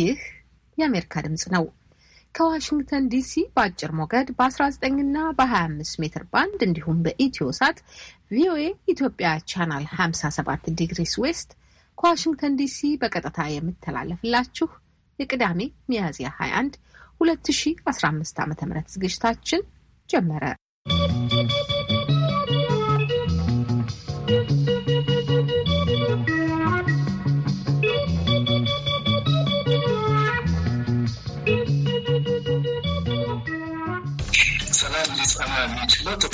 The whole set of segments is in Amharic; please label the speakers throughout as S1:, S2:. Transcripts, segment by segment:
S1: ይህ የአሜሪካ ድምፅ ነው። ከዋሽንግተን ዲሲ በአጭር ሞገድ በ19 እና በ25 ሜትር ባንድ እንዲሁም በኢትዮ ሳት ቪኦኤ ኢትዮጵያ ቻናል 57 ዲግሪስ ዌስት ከዋሽንግተን ዲሲ በቀጥታ የምተላለፍላችሁ የቅዳሜ ሚያዝያ 21 2015 ዓ ም ዝግጅታችን ጀመረ።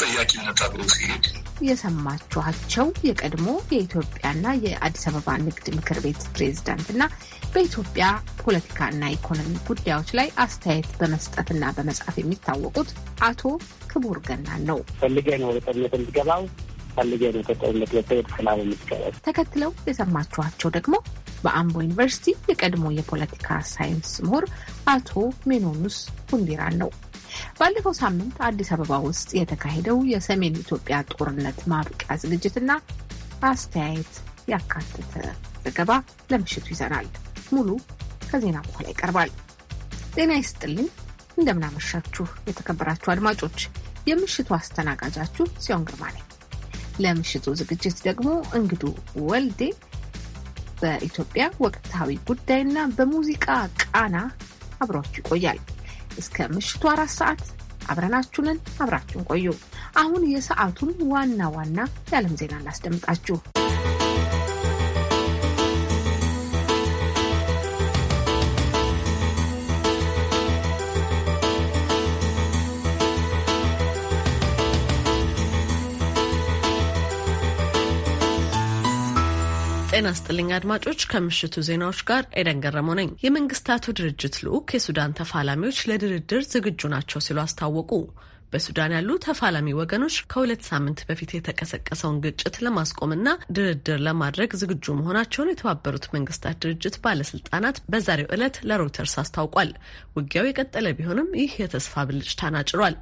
S2: ተጠያቂነት አብሮ ሲሄድ
S1: የሰማችኋቸው የቀድሞ የኢትዮጵያና የአዲስ አበባ ንግድ ምክር ቤት ፕሬዝዳንትና በኢትዮጵያ ፖለቲካና ኢኮኖሚ ጉዳዮች ላይ አስተያየት በመስጠትና በመጻፍ የሚታወቁት አቶ ክቡር
S3: ገናን ነው። ፈልጌ ነው ወደ ጦርነት የምትገባው፣ ፈልጌ ነው ከጦርነት ወደ ሰላም የምትገባ
S1: ተከትለው የሰማችኋቸው ደግሞ በአምቦ ዩኒቨርሲቲ የቀድሞ የፖለቲካ ሳይንስ ምሁር አቶ ሜኖኑስ ሁንዲራን ነው። ባለፈው ሳምንት አዲስ አበባ ውስጥ የተካሄደው የሰሜን ኢትዮጵያ ጦርነት ማብቂያ ዝግጅትና አስተያየት ያካተተ ዘገባ ለምሽቱ ይዘናል። ሙሉ ከዜና በኋላ ይቀርባል። ጤና ይስጥልኝ፣ እንደምናመሻችሁ የተከበራችሁ አድማጮች፣ የምሽቱ አስተናጋጃችሁ ጽዮን ግርማ ነኝ። ለምሽቱ ዝግጅት ደግሞ እንግዱ ወልዴ በኢትዮጵያ ወቅታዊ ጉዳይና በሙዚቃ ቃና አብሯችሁ ይቆያል። እስከ ምሽቱ አራት ሰዓት አብረናችሁንን አብራችሁን ቆዩ። አሁን የሰዓቱን ዋና ዋና የዓለም ዜና እናስደምጣችሁ።
S4: ጤና ስጥልኝ አድማጮች፣ ከምሽቱ ዜናዎች ጋር ኤደን ገረመው ነኝ። የመንግስታቱ ድርጅት ልዑክ የሱዳን ተፋላሚዎች ለድርድር ዝግጁ ናቸው ሲሉ አስታወቁ። በሱዳን ያሉ ተፋላሚ ወገኖች ከሁለት ሳምንት በፊት የተቀሰቀሰውን ግጭት ለማስቆምና ድርድር ለማድረግ ዝግጁ መሆናቸውን የተባበሩት መንግስታት ድርጅት ባለስልጣናት በዛሬው ዕለት ለሮይተርስ አስታውቋል። ውጊያው የቀጠለ ቢሆንም ይህ የተስፋ ብልጭታን አጭሯል።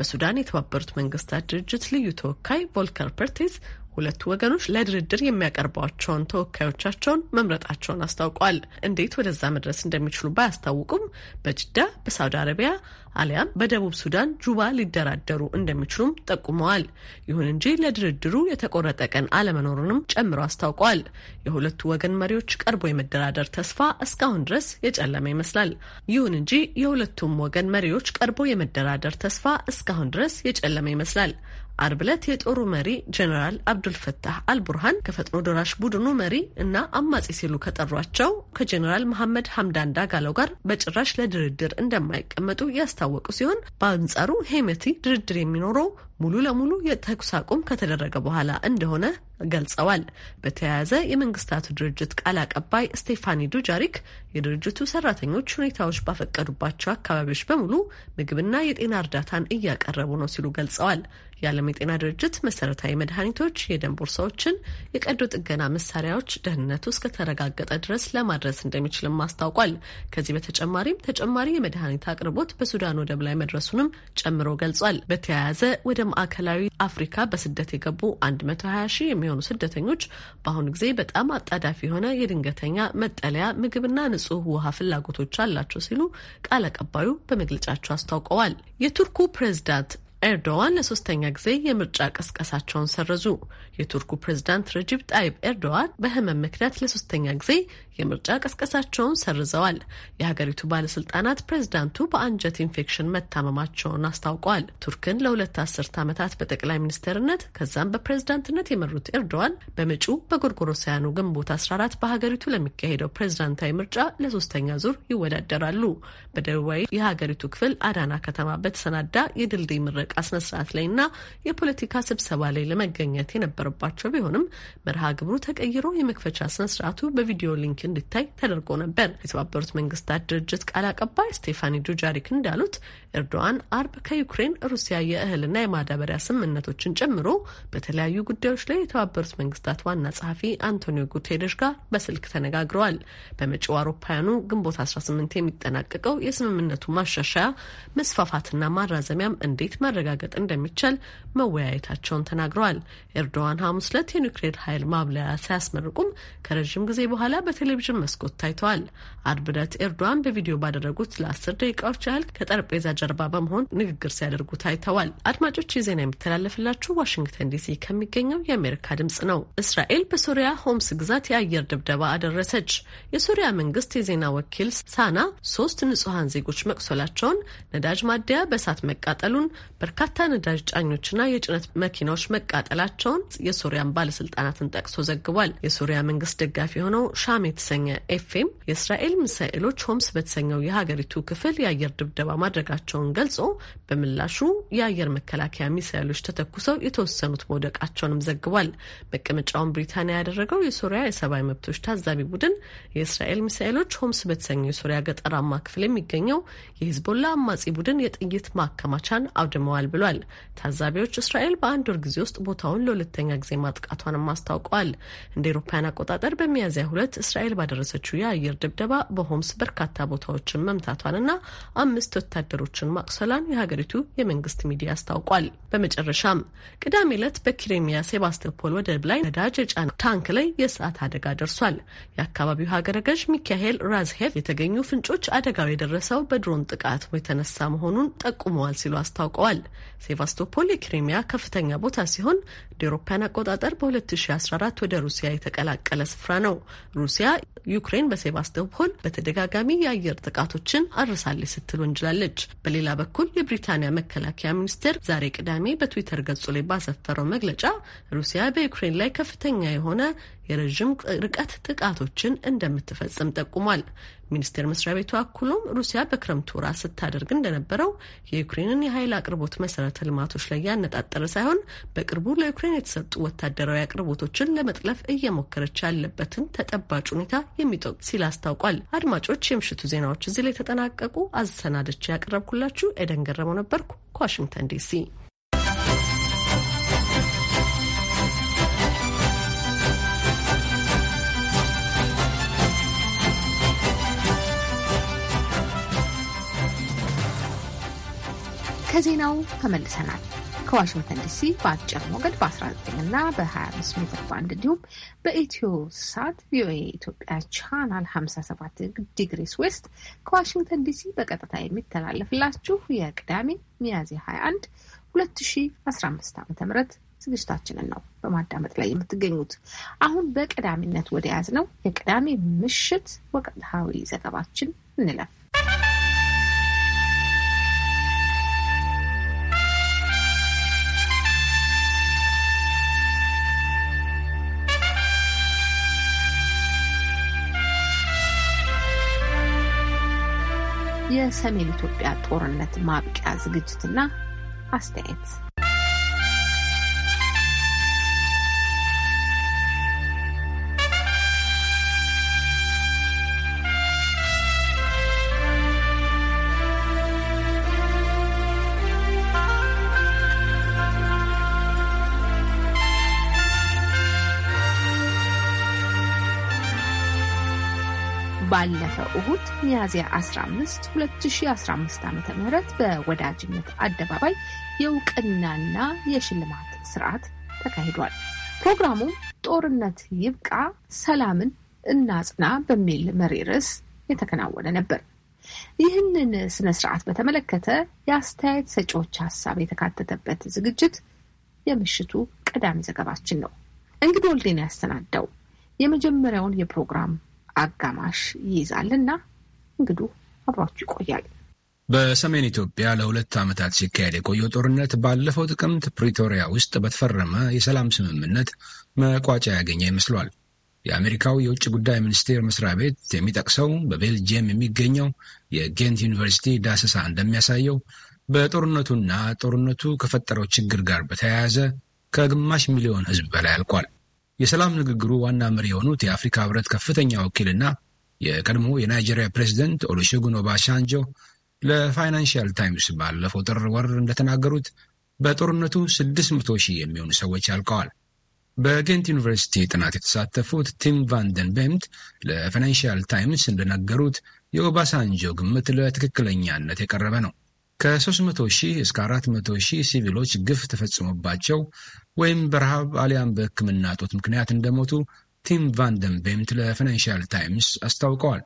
S4: በሱዳን የተባበሩት መንግስታት ድርጅት ልዩ ተወካይ ቮልከር ፐርቴዝ ሁለቱ ወገኖች ለድርድር የሚያቀርቧቸውን ተወካዮቻቸውን መምረጣቸውን አስታውቋል። እንዴት ወደዛ መድረስ እንደሚችሉ ባያስታውቁም በጅዳ በሳውዲ አረቢያ አሊያም በደቡብ ሱዳን ጁባ ሊደራደሩ እንደሚችሉም ጠቁመዋል። ይሁን እንጂ ለድርድሩ የተቆረጠ ቀን አለመኖሩንም ጨምሮ አስታውቀዋል። የሁለቱ ወገን መሪዎች ቀርቦ የመደራደር ተስፋ እስካሁን ድረስ የጨለመ ይመስላል። ይሁን እንጂ የሁለቱም ወገን መሪዎች ቀርቦ የመደራደር ተስፋ እስካሁን ድረስ የጨለመ ይመስላል። አርብ ዕለት የጦሩ መሪ ጀኔራል አብዱልፈታህ አልቡርሃን ከፈጥኖ ደራሽ ቡድኑ መሪ እና አማጺ ሲሉ ከጠሯቸው ከጀኔራል መሐመድ ሀምዳን ዳጋሎ ጋር በጭራሽ ለድርድር እንደማይቀመጡ ያስታ ያስታወቁ ሲሆን በአንጻሩ ሄሜቲ ድርድር የሚኖረው ሙሉ ለሙሉ የተኩስ አቁም ከተደረገ በኋላ እንደሆነ ገልጸዋል። በተያያዘ የመንግስታቱ ድርጅት ቃል አቀባይ ስቴፋኒ ዱጃሪክ የድርጅቱ ሰራተኞች ሁኔታዎች ባፈቀዱባቸው አካባቢዎች በሙሉ ምግብና የጤና እርዳታን እያቀረቡ ነው ሲሉ ገልጸዋል። የዓለም የጤና ድርጅት መሰረታዊ መድኃኒቶች፣ የደም ቦርሳዎችን፣ የቀዶ ጥገና መሳሪያዎች ደህንነቱ እስከተረጋገጠ ድረስ ለማድረስ እንደሚችልም አስታውቋል። ከዚህ በተጨማሪም ተጨማሪ የመድኃኒት አቅርቦት በሱዳን ወደብ ላይ መድረሱንም ጨምሮ ገልጿል። በተያያዘ ወደ ማዕከላዊ አፍሪካ በስደት የገቡ 120 ሺህ የሚሆኑ ስደተኞች በአሁኑ ጊዜ በጣም አጣዳፊ የሆነ የድንገተኛ መጠለያ ምግብና ንጹህ ውሃ ፍላጎቶች አላቸው ሲሉ ቃል አቀባዩ በመግለጫቸው አስታውቀዋል። የቱርኩ ፕሬዝዳንት ኤርዶዋን ለሶስተኛ ጊዜ የምርጫ ቀስቀሳቸውን ሰረዙ። የቱርኩ ፕሬዝዳንት ረጅብ ጣይብ ኤርዶዋን በህመም ምክንያት ለሶስተኛ ጊዜ የምርጫ ቀስቀሳቸውን ሰርዘዋል። የሀገሪቱ ባለስልጣናት ፕሬዝዳንቱ በአንጀት ኢንፌክሽን መታመማቸውን አስታውቋል። ቱርክን ለሁለት አስርት ዓመታት በጠቅላይ ሚኒስትርነት ከዛም በፕሬዝዳንትነት የመሩት ኤርዶዋን በመጪው በጎርጎሮሳያኑ ግንቦት 14 በሀገሪቱ ለሚካሄደው ፕሬዝዳንታዊ ምርጫ ለሶስተኛ ዙር ይወዳደራሉ። በደቡባዊ የሀገሪቱ ክፍል አዳና ከተማ በተሰናዳ የድልድይ ምረቃ ስነስርዓት ና የፖለቲካ ስብሰባ ላይ ለመገኘት የነበረባቸው ቢሆንም መርሃ ግብሩ ተቀይሮ የመክፈቻ ስነስርዓቱ በቪዲዮ ሊንክ እንዲታይ ተደርጎ ነበር። የተባበሩት መንግስታት ድርጅት ቃል አቀባይ ስቴፋኒ ዱጃሪክ እንዳሉት ኤርዶዋን አርብ ከዩክሬን ሩሲያ የእህልና የማዳበሪያ ስምምነቶችን ጨምሮ በተለያዩ ጉዳዮች ላይ የተባበሩት መንግስታት ዋና ጸሐፊ አንቶኒዮ ጉቴሬሽ ጋር በስልክ ተነጋግረዋል። በመጪው አውሮፓውያኑ ግንቦት 18 የሚጠናቀቀው የስምምነቱ ማሻሻያ መስፋፋትና ማራዘሚያም እንዴት ማረጋገጥ እንደሚቻል መወያየታቸውን ተናግረዋል። ኤርዶዋን ሐሙስ ዕለት የኒውክሌር ኃይል ማብለያ ሲያስመርቁም ከረዥም ጊዜ በኋላ በቴሌቪ የቴሌቪዥን መስኮት ታይተዋል። አርብ ዕለት ኤርዶዋን በቪዲዮ ባደረጉት ለአስር ደቂቃዎች ያህል ከጠረጴዛ ጀርባ በመሆን ንግግር ሲያደርጉ ታይተዋል። አድማጮች የዜና ዜና የሚተላለፍላችሁ ዋሽንግተን ዲሲ ከሚገኘው የአሜሪካ ድምጽ ነው። እስራኤል በሶሪያ ሆምስ ግዛት የአየር ድብደባ አደረሰች። የሶሪያ መንግስት የዜና ወኪል ሳና ሶስት ንጹሐን ዜጎች መቁሰላቸውን፣ ነዳጅ ማደያ በእሳት መቃጠሉን፣ በርካታ ነዳጅ ጫኞችና የጭነት መኪናዎች መቃጠላቸውን የሶሪያን ባለስልጣናትን ጠቅሶ ዘግቧል። የሶሪያ መንግስት ደጋፊ የሆነው ሻሜ በተሰኘ ኤፍኤም የእስራኤል ሚሳኤሎች ሆምስ በተሰኘው የሀገሪቱ ክፍል የአየር ድብደባ ማድረጋቸውን ገልጾ በምላሹ የአየር መከላከያ ሚሳኤሎች ተተኩሰው የተወሰኑት መውደቃቸውንም ዘግቧል። መቀመጫውን ብሪታንያ ያደረገው የሶሪያ የሰብአዊ መብቶች ታዛቢ ቡድን የእስራኤል ሚሳኤሎች ሆምስ በተሰኘው የሶሪያ ገጠራማ ክፍል የሚገኘው የሂዝቦላ አማጺ ቡድን የጥይት ማከማቻን አውድመዋል ብሏል። ታዛቢዎች እስራኤል በአንድ ወር ጊዜ ውስጥ ቦታውን ለሁለተኛ ጊዜ ማጥቃቷንም አስታውቀዋል። እንደ ኤሮፓያን አቆጣጠር በሚያዝያ ሁለት እስራኤል በእስራኤል ባደረሰችው የአየር ድብደባ በሆምስ በርካታ ቦታዎችን መምታቷንና አምስት ወታደሮችን ማቁሰሏን የሀገሪቱ የመንግስት ሚዲያ አስታውቋል። በመጨረሻም ቅዳሜ ዕለት በክሬሚያ ሴባስቶፖል ወደብ ላይ ነዳጅ የጫነ ታንክ ላይ የእሳት አደጋ ደርሷል። የአካባቢው ሀገረ ገዥ ሚካኤል ራዝሄቭ የተገኙ ፍንጮች አደጋው የደረሰው በድሮን ጥቃት የተነሳ መሆኑን ጠቁመዋል ሲሉ አስታውቀዋል። ሴቫስቶፖል የክሪሚያ ከፍተኛ ቦታ ሲሆን እንደ አውሮፓውያን አቆጣጠር በ2014 ወደ ሩሲያ የተቀላቀለ ስፍራ ነው። ሩሲያ ዩክሬን በሴባስቶፖል በተደጋጋሚ የአየር ጥቃቶችን አርሳለች ስትል ወንጅላለች። በሌላ በኩል የብሪታንያ መከላከያ ሚኒስቴር ዛሬ ቅዳሜ በትዊተር ገጹ ላይ ባሰፈረው መግለጫ ሩሲያ በዩክሬን ላይ ከፍተኛ የሆነ የረዥም ርቀት ጥቃቶችን እንደምትፈጽም ጠቁሟል። ሚኒስቴር መስሪያ ቤቱ አክሎም ሩሲያ በክረምቱ ወራት ስታደርግ እንደነበረው የዩክሬንን የኃይል አቅርቦት መሰረተ ልማቶች ላይ ያነጣጠረ ሳይሆን በቅርቡ ለዩክሬን የተሰጡ ወታደራዊ አቅርቦቶችን ለመጥለፍ እየሞከረች ያለበትን ተጠባጭ ሁኔታ የሚጠቅ ሲል አስታውቋል። አድማጮች፣ የምሽቱ ዜናዎች እዚህ ላይ ተጠናቀቁ። አሰናድቼ ያቀረብኩላችሁ ኤደን ገረመው ነበርኩ ከዋሽንግተን ዲሲ
S1: ከዜናው ተመልሰናል። ከዋሽንግተን ዲሲ በአጭር ሞገድ በ19 እና በ25 ሜትር ባንድ እንዲሁም በኢትዮ ሳት ቪኦኤ ኢትዮጵያ ቻናል 57 ዲግሪስ ዌስት ከዋሽንግተን ዲሲ በቀጥታ የሚተላለፍላችሁ የቅዳሜ ሚያዝያ 21 2015 ዓ ም ዝግጅታችንን ነው በማዳመጥ ላይ የምትገኙት። አሁን በቀዳሚነት ወደ ያዝ ነው የቅዳሜ ምሽት ወቅታዊ ዘገባችን እንለፍ። የሰሜን ኢትዮጵያ ጦርነት ማብቂያ ዝግጅትና አስተያየት ባለፈው እሁድ ሚያዝያ 15 2015 ዓ ም በወዳጅነት አደባባይ የእውቅናና የሽልማት ስርዓት ተካሂዷል። ፕሮግራሙ ጦርነት ይብቃ ሰላምን እናጽና በሚል መሪ ርዕስ የተከናወነ ነበር። ይህንን ስነ ስርዓት በተመለከተ የአስተያየት ሰጪዎች ሀሳብ የተካተተበት ዝግጅት የምሽቱ ቀዳሚ ዘገባችን ነው። እንግዲህ ወልዴን ያሰናዳው የመጀመሪያውን የፕሮግራም አጋማሽ ይይዛል እና እንግዱ አብሯችሁ
S5: ይቆያል። በሰሜን ኢትዮጵያ ለሁለት ዓመታት ሲካሄድ የቆየው ጦርነት ባለፈው ጥቅምት ፕሪቶሪያ ውስጥ በተፈረመ የሰላም ስምምነት መቋጫ ያገኘ ይመስሏል። የአሜሪካው የውጭ ጉዳይ ሚኒስቴር መስሪያ ቤት የሚጠቅሰው በቤልጅየም የሚገኘው የጌንት ዩኒቨርሲቲ ዳሰሳ እንደሚያሳየው በጦርነቱና ጦርነቱ ከፈጠረው ችግር ጋር በተያያዘ ከግማሽ ሚሊዮን ሕዝብ በላይ አልቋል። የሰላም ንግግሩ ዋና መሪ የሆኑት የአፍሪካ ህብረት ከፍተኛ ወኪልና የቀድሞ የናይጄሪያ ፕሬዚደንት ኦሉሴጉን ኦባሳንጆ ለፋይናንሽል ታይምስ ባለፈው ጥር ወር እንደተናገሩት በጦርነቱ 600 ሺህ የሚሆኑ ሰዎች አልቀዋል። በጌንት ዩኒቨርሲቲ ጥናት የተሳተፉት ቲም ቫንደን ቤምት ለፋይናንሽል ታይምስ እንደነገሩት የኦባሳንጆ ግምት ለትክክለኛነት የቀረበ ነው። ከ300 ሺህ እስከ 400 ሺህ ሲቪሎች ግፍ ተፈጽሞባቸው ወይም በረሃብ አሊያም በሕክምና እጦት ምክንያት እንደሞቱ ቲም ቫንደን ቤምት ለፋይናንሽል ታይምስ አስታውቀዋል።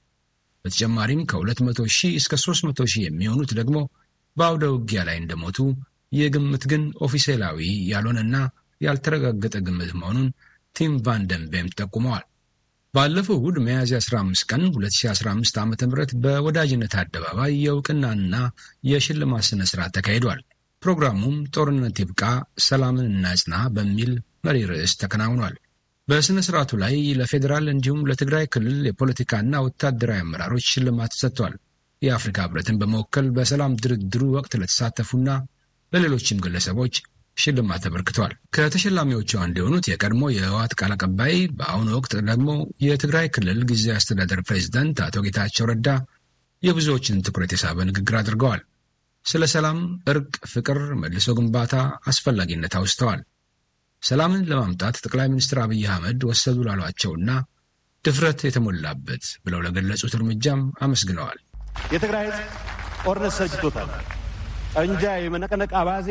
S5: በተጨማሪም ከ200 ሺህ እስከ 300 ሺህ የሚሆኑት ደግሞ በአውደ ውጊያ ላይ እንደሞቱ የግምት ግን ኦፊሴላዊ ያልሆነና ያልተረጋገጠ ግምት መሆኑን ቲም ቫንደም ቤምት ጠቁመዋል። ባለፈው እሁድ ሚያዝያ 15 ቀን 2015 ዓ ም በወዳጅነት አደባባይ የእውቅናና የሽልማት ስነ ስርዓት ተካሂዷል። ፕሮግራሙም ጦርነት ይብቃ ሰላምን እናጽና በሚል መሪ ርዕስ ተከናውኗል። በሥነ ሥርዓቱ ላይ ለፌዴራል እንዲሁም ለትግራይ ክልል የፖለቲካና ወታደራዊ አመራሮች ሽልማት ተሰጥቷል። የአፍሪካ ህብረትን በመወከል በሰላም ድርድሩ ወቅት ለተሳተፉና ለሌሎችም ግለሰቦች ሽልማት ተበርክቷል። ከተሸላሚዎቹ አንዱ የሆኑት የቀድሞ የህወሓት ቃል አቀባይ በአሁኑ ወቅት ደግሞ የትግራይ ክልል ጊዜያዊ አስተዳደር ፕሬዚደንት አቶ ጌታቸው ረዳ የብዙዎችን ትኩረት የሳበ ንግግር አድርገዋል። ስለ ሰላም፣ እርቅ፣ ፍቅር፣ መልሶ ግንባታ አስፈላጊነት አውስተዋል። ሰላምን ለማምጣት ጠቅላይ ሚኒስትር አብይ አህመድ ወሰዱ ላሏቸውና ድፍረት የተሞላበት ብለው ለገለጹት እርምጃም አመስግነዋል።
S6: የትግራይ ጦርነት ሰጅቶታል። ጠንጃ የመነቀነቅ አባዜ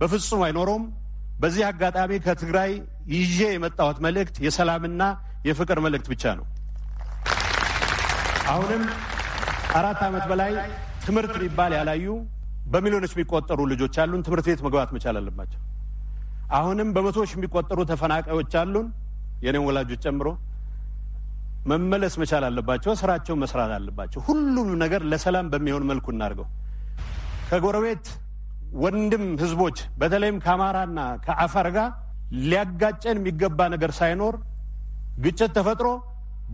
S6: በፍጹም አይኖረውም። በዚህ አጋጣሚ ከትግራይ ይዤ የመጣሁት መልእክት የሰላምና የፍቅር መልእክት ብቻ ነው። አሁንም አራት ዓመት በላይ ትምህርት የሚባል ያላዩ በሚሊዮኖች የሚቆጠሩ ልጆች አሉን። ትምህርት ቤት መግባት መቻል አለባቸው። አሁንም በመቶዎች የሚቆጠሩ ተፈናቃዮች አሉን፣ የኔም ወላጆች ጨምሮ መመለስ መቻል አለባቸው። ስራቸውን መስራት አለባቸው። ሁሉም ነገር ለሰላም በሚሆን መልኩ እናድርገው። ከጎረቤት ወንድም ህዝቦች በተለይም ከአማራና ከአፋር ጋር ሊያጋጨን የሚገባ ነገር ሳይኖር ግጭት ተፈጥሮ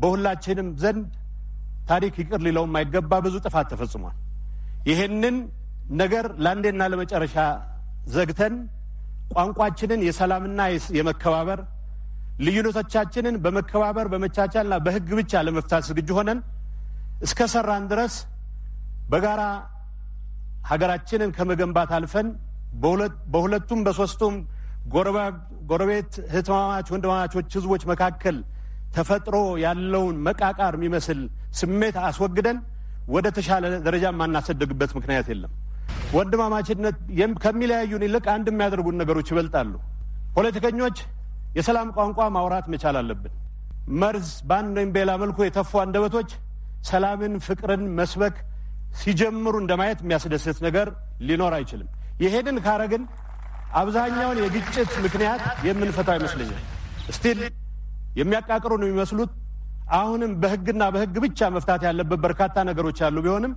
S6: በሁላችንም ዘንድ ታሪክ ይቅር ሊለው የማይገባ ብዙ ጥፋት ተፈጽሟል። ይህንን ነገር ለአንዴና ለመጨረሻ ዘግተን ቋንቋችንን የሰላምና የመከባበር ልዩነቶቻችንን በመከባበር በመቻቻልና በህግ ብቻ ለመፍታት ዝግጁ ሆነን እስከ ሰራን ድረስ በጋራ ሀገራችንን ከመገንባት አልፈን በሁለቱም በሶስቱም ጎረቤት እህትማማች ወንድማማቾች ህዝቦች መካከል ተፈጥሮ ያለውን መቃቃር የሚመስል ስሜት አስወግደን ወደ ተሻለ ደረጃ የማናሰደግበት ምክንያት የለም። ወንድማማችነት ከሚለያዩን ይልቅ አንድ የሚያደርጉን ነገሮች ይበልጣሉ። ፖለቲከኞች የሰላም ቋንቋ ማውራት መቻል አለብን። መርዝ በአንድ ወይም በሌላ መልኩ የተፉ አንደበቶች ሰላምን፣ ፍቅርን መስበክ ሲጀምሩ እንደማየት የሚያስደስት ነገር ሊኖር አይችልም። ይሄንን ካረግን አብዛኛውን የግጭት ምክንያት የምንፈታው ይመስለኛል። ስቲል የሚያቃቅሩ ነው የሚመስሉት። አሁንም በህግና በህግ ብቻ መፍታት ያለበት በርካታ ነገሮች አሉ ቢሆንም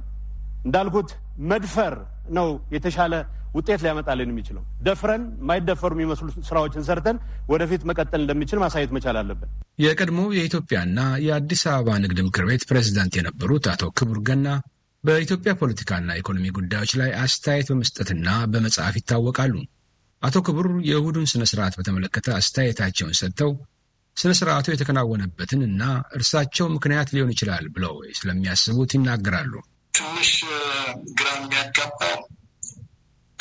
S6: እንዳልኩት መድፈር ነው የተሻለ ውጤት ሊያመጣልን የሚችለው። ደፍረን የማይደፈሩ የሚመስሉ ስራዎችን ሰርተን ወደፊት መቀጠል እንደሚችል ማሳየት መቻል አለብን።
S5: የቀድሞ የኢትዮጵያና የአዲስ አበባ ንግድ ምክር ቤት ፕሬዚዳንት የነበሩት አቶ ክቡር ገና በኢትዮጵያ ፖለቲካና ኢኮኖሚ ጉዳዮች ላይ አስተያየት በመስጠትና በመጽሐፍ ይታወቃሉ። አቶ ክቡር የእሁዱን ስነ ስርዓት በተመለከተ አስተያየታቸውን ሰጥተው ስነ ስርዓቱ የተከናወነበትን እና እርሳቸው ምክንያት ሊሆን ይችላል ብለው ስለሚያስቡት ይናገራሉ።
S2: ትንሽ ግራ የሚያጋባው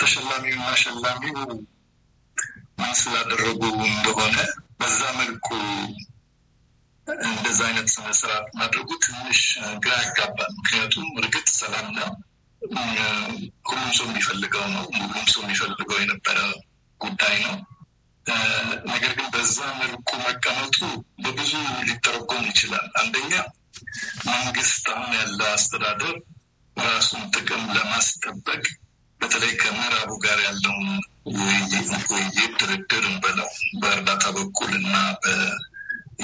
S2: ተሸላሚውና ሸላሚው ምን ስላደረጉ እንደሆነ በዛ መልኩ እንደዛ አይነት ስነስራ ማድረጉ ትንሽ ግራ ያጋባል። ምክንያቱም እርግጥ ሰላምና ሁሉም ሰው የሚፈልገው ነው፣ ሁሉም ሰው የሚፈልገው የነበረ ጉዳይ ነው። ነገር ግን በዛ መልኩ መቀመጡ በብዙ ሊተረጎም ይችላል። አንደኛ መንግስት አሁን ያለ አስተዳደር ራሱን ጥቅም ለማስጠበቅ በተለይ ከምዕራቡ ጋር ያለውን ውይይት ድርድር እንበለው በእርዳታ በኩል እና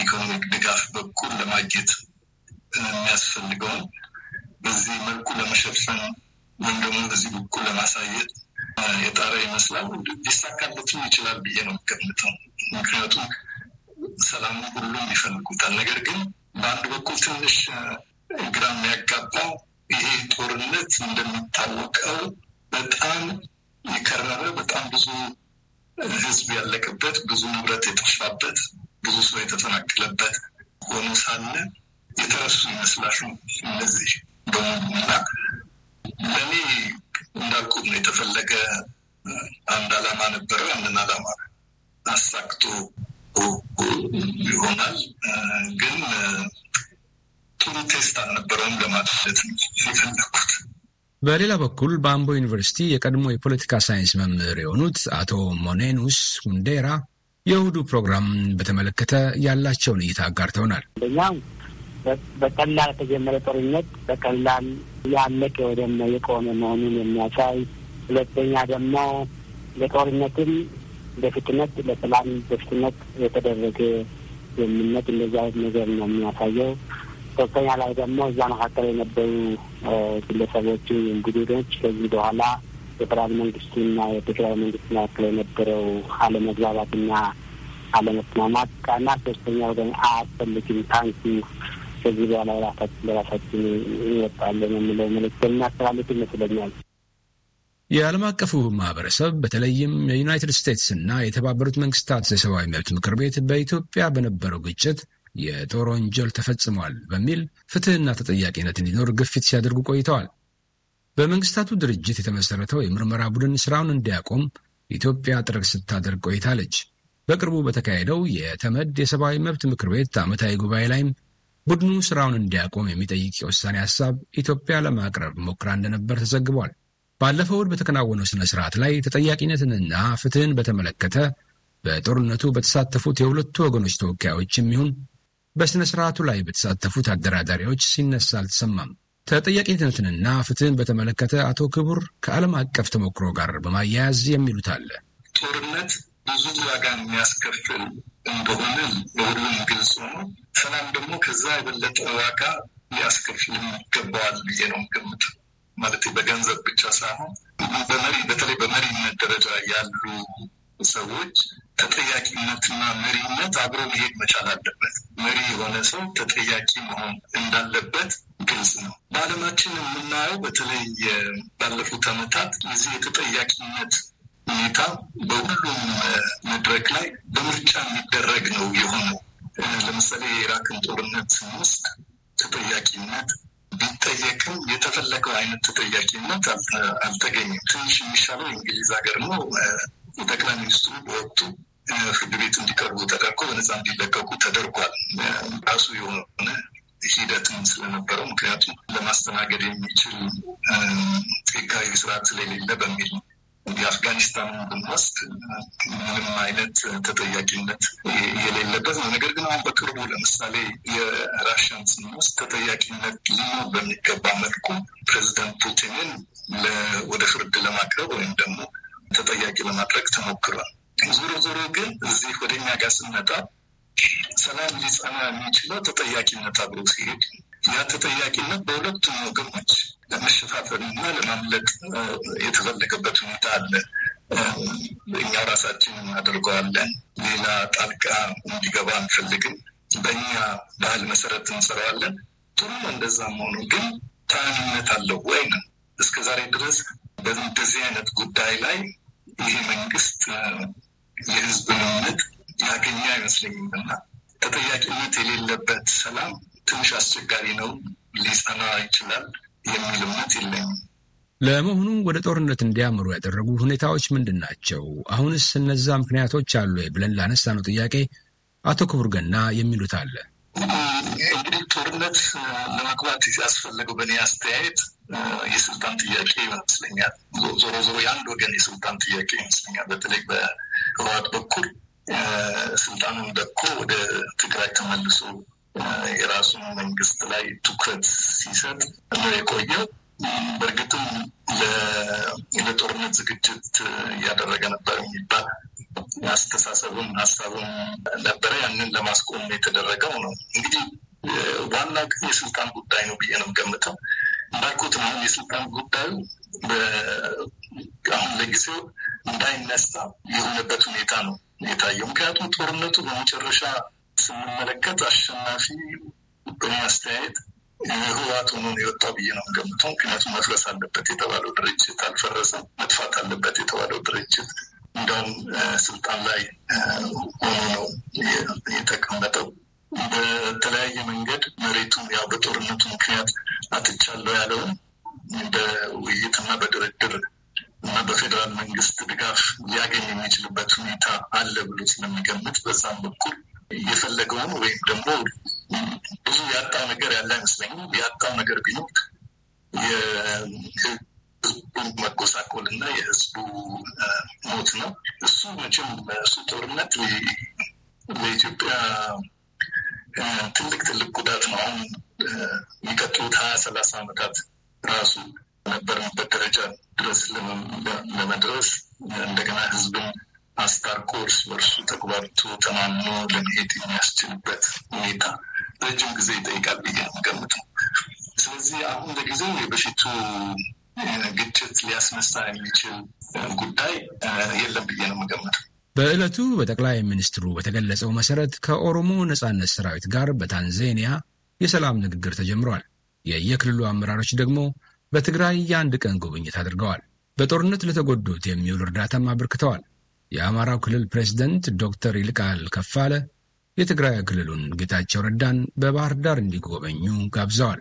S2: ኢኮኖሚክ ድጋፍ በኩል ለማግኘት የሚያስፈልገውን በዚህ መልኩ ለመሸፈን ወይም ደግሞ በዚህ በኩል ለማሳየት የጣረ ይመስላል። ሊሳካለትም ይችላል ብዬ ነው የምገምተው። ምክንያቱም ሰላም ሁሉም ይፈልጉታል። ነገር ግን በአንድ በኩል ትንሽ ግራ የሚያጋባው ይሄ ጦርነት እንደሚታወቀው በጣም የከረረ በጣም ብዙ ሕዝብ ያለቀበት ብዙ ንብረት የጠፋበት ብዙ ሰው የተፈናቀለበት ሆኖ ሳለ የተረሱ ይመስላሉ እነዚህ በሙሉና ለእኔ እንዳልኩት ነው። የተፈለገ አንድ አላማ ነበረ። ያንን አላማ አሳክቶ ይሆናል ግን ጥሩ ቴስት አልነበረውም ለማለት ነው
S5: የፈለኩት። በሌላ በኩል በአምቦ ዩኒቨርሲቲ የቀድሞ የፖለቲካ ሳይንስ መምህር የሆኑት አቶ ሞኔኑስ ሁንዴራ የእሁዱ ፕሮግራም በተመለከተ ያላቸውን እይታ አጋርተውናል።
S3: አንደኛው በቀላል የተጀመረ ጦርነት በቀላል ያለቀ ወደመ የቆመ መሆኑን የሚያሳይ ሁለተኛ ደግሞ ለጦርነትም በፍጥነት ለሰላም በፍጥነት የተደረገ የምነት እንደዚያ አይነት ነገር ነው የሚያሳየው። ሶስተኛ ላይ ደግሞ እዛ መካከል የነበሩ ግለሰቦች እንግዲዶች ከዚህ በኋላ የፌዴራል መንግስቱና የትግራይ መንግስት መካከል የነበረው አለመግባባትና አለመስማማት ቃና ሶስተኛ ወገን አያስፈልግም። ታንኪ ከዚህ በኋላ ራሳችን በራሳችን እንወጣለን የሚለው መልዕክት የሚያስተላልፍ ይመስለኛል።
S5: የዓለም አቀፉ ማህበረሰብ በተለይም የዩናይትድ ስቴትስና የተባበሩት መንግስታት የሰብአዊ መብት ምክር ቤት በኢትዮጵያ በነበረው ግጭት የጦር ወንጀል ተፈጽሟል በሚል ፍትህና ተጠያቂነት እንዲኖር ግፊት ሲያደርጉ ቆይተዋል። በመንግስታቱ ድርጅት የተመሰረተው የምርመራ ቡድን ስራውን እንዲያቆም ኢትዮጵያ ጥረት ስታደርግ ቆይታለች። በቅርቡ በተካሄደው የተመድ የሰብአዊ መብት ምክር ቤት ዓመታዊ ጉባኤ ላይም ቡድኑ ስራውን እንዲያቆም የሚጠይቅ የውሳኔ ሀሳብ ኢትዮጵያ ለማቅረብ ሞክራ እንደነበር ተዘግቧል። ባለፈው እሁድ በተከናወነው ስነ ስርዓት ላይ ተጠያቂነትንና ፍትህን በተመለከተ በጦርነቱ በተሳተፉት የሁለቱ ወገኖች ተወካዮች የሚሆን በሥነ ስርዓቱ ላይ በተሳተፉት አደራዳሪዎች ሲነሳ አልተሰማም። ተጠያቂነትንና ፍትህን በተመለከተ አቶ ክቡር ከዓለም አቀፍ ተሞክሮ ጋር በማያያዝ የሚሉት አለ።
S2: ጦርነት ብዙ ዋጋ የሚያስከፍል እንደሆነ ለሁሉም ግልጽ ሆኖ ሰላም ደግሞ ከዛ የበለጠ ዋጋ ሊያስከፍል ይገባዋል ብዬ ነው ግምት ማለት በገንዘብ ብቻ ሳይሆን በመሪ በተለይ በመሪነት ደረጃ ያሉ ሰዎች ተጠያቂነትና መሪነት አብሮ መሄድ መቻል አለበት። መሪ የሆነ ሰው ተጠያቂ መሆን እንዳለበት ግልጽ ነው። በዓለማችን የምናየው በተለይ ባለፉት ዓመታት የዚህ የተጠያቂነት ሁኔታ በሁሉም መድረክ ላይ በምርጫ የሚደረግ ነው የሆነው። ለምሳሌ የኢራክን ጦርነት ስንወስድ ተጠያቂነት ቢጠየቅም የተፈለገው አይነት ተጠያቂነት አልተገኘም። ትንሽ የሚሻለው የእንግሊዝ ሀገር ነው። ጠቅላይ ሚኒስትሩ በወቅቱ ፍርድ ቤት እንዲቀርቡ ተደርጎ በነፃ እንዲለቀቁ ተደርጓል። ራሱ የሆነ ሂደትም ስለነበረው ምክንያቱም ለማስተናገድ የሚችል ህጋዊ ስርዓት ስለሌለ በሚል ነው። የአፍጋኒስታንን ብንወስድ ምንም አይነት ተጠያቂነት የሌለበት ነው። ነገር ግን አሁን በቅርቡ ለምሳሌ የራሽያን ስንወስድ ተጠያቂነት ሊኖር በሚገባ መልኩ ፕሬዚደንት ፑቲንን ወደ ፍርድ ለማቅረብ ወይም ደግሞ ተጠያቂ ለማድረግ ተሞክሯል። ዞሮ ዞሮ ግን እዚህ ወደ እኛ ጋር ስንመጣ ሰላም ሊጸና የሚችለው ተጠያቂነት አብሮ ሲሄድ ያ ተጠያቂነት በሁለቱም ወገኖች ለመሸፋፈን እና ለማምለጥ የተፈለገበት ሁኔታ አለ። እኛ ራሳችን እናደርገዋለን። ሌላ ጣልቃ እንዲገባ አንፈልግም። በእኛ ባህል መሰረት እንሰራዋለን። ጥሩም እንደዛ መሆኑ ግን ታንነት አለው ወይ ነው። እስከ ዛሬ ድረስ በእንደዚህ አይነት ጉዳይ ላይ ይሄ መንግስት የህዝብን እምነት ያገኘ አይመስለኝም እና ተጠያቂነት የሌለበት ሰላም ትንሽ አስቸጋሪ ነው፣ ሊጸና ይችላል። የሚል እምነት የለኝም።
S5: ለመሆኑ ወደ ጦርነት እንዲያምሩ ያደረጉ ሁኔታዎች ምንድን ናቸው? አሁንስ እነዛ ምክንያቶች አሉ ብለን ላነሳ ነው ጥያቄ አቶ ክቡር ገና የሚሉት አለ።
S2: እንግዲህ ጦርነት ለመግባት ያስፈለገው በእኔ አስተያየት የስልጣን ጥያቄ ይመስለኛል። ዞሮ ዞሮ የአንድ ወገን የስልጣን ጥያቄ ይመስለኛል። በተለይ በህወሓት በኩል ስልጣኑን ደኮ ወደ ትግራይ ተመልሶ የራሱ መንግስት ላይ ትኩረት ሲሰጥ ነው የቆየው። በእርግጥም ለጦርነት ዝግጅት እያደረገ ነበር የሚባል አስተሳሰብም ሀሳብም ነበረ። ያንን ለማስቆም የተደረገው ነው። እንግዲህ ዋና የስልጣን ጉዳይ ነው ብዬ ነው ገምተው እንዳልኩት አሁን የስልጣን ጉዳዩ አሁን ለጊዜው እንዳይነሳ የሆነበት ሁኔታ ነው የታየው። ምክንያቱም ጦርነቱ በመጨረሻ ስንመለከት አሸናፊ በእኔ አስተያየት ህወሓት ሆኖ ነው የወጣው ብዬ ነው የምገምተው። ምክንያቱም መፍረስ አለበት የተባለው ድርጅት አልፈረሰም። መጥፋት አለበት የተባለው ድርጅት እንደውም ስልጣን ላይ ሆኖ ነው የተቀመጠው። በተለያየ መንገድ መሬቱን ያው በጦርነቱ ምክንያት አትቻለው ያለውን በውይይትና በድርድር እና በፌዴራል መንግስት ድጋፍ ሊያገኝ የሚችልበት ሁኔታ አለ ብሎ ስለሚገምት በዛም በኩል የፈለገውን ወይም ደግሞ ብዙ ያጣው ነገር ያለ አይመስለኝም። ያጣው ነገር ቢኖር የህዝቡ መጎሳቆል እና የህዝቡ ሞት ነው። እሱ መቼም እሱ ጦርነት ለኢትዮጵያ ትልቅ ትልቅ ጉዳት ነው። አሁን የሚቀጥሉት ሀያ ሰላሳ ዓመታት ራሱ ነበርንበት ደረጃ ድረስ ለመድረስ እንደገና ህዝብን አስታርቆ ኮርስ በእርሱ ተግባብቶ ተማምኖ ለመሄድ የሚያስችልበት ሁኔታ ረጅም ጊዜ ይጠይቃል ብዬ ገምቱ። ስለዚህ አሁን ለጊዜው የበሽቱ ግጭት ሊያስነሳ የሚችል ጉዳይ የለም ብዬ ነው የምገምተው።
S5: በዕለቱ በጠቅላይ ሚኒስትሩ በተገለጸው መሰረት ከኦሮሞ ነጻነት ሰራዊት ጋር በታንዛኒያ የሰላም ንግግር ተጀምሯል። የየክልሉ አመራሮች ደግሞ በትግራይ የአንድ ቀን ጉብኝት አድርገዋል። በጦርነት ለተጎዱት የሚውል እርዳታም አበርክተዋል። የአማራው ክልል ፕሬዚደንት ዶክተር ይልቃል ከፋለ የትግራይ ክልሉን ጌታቸው ረዳን በባህር ዳር እንዲጎበኙ ጋብዘዋል።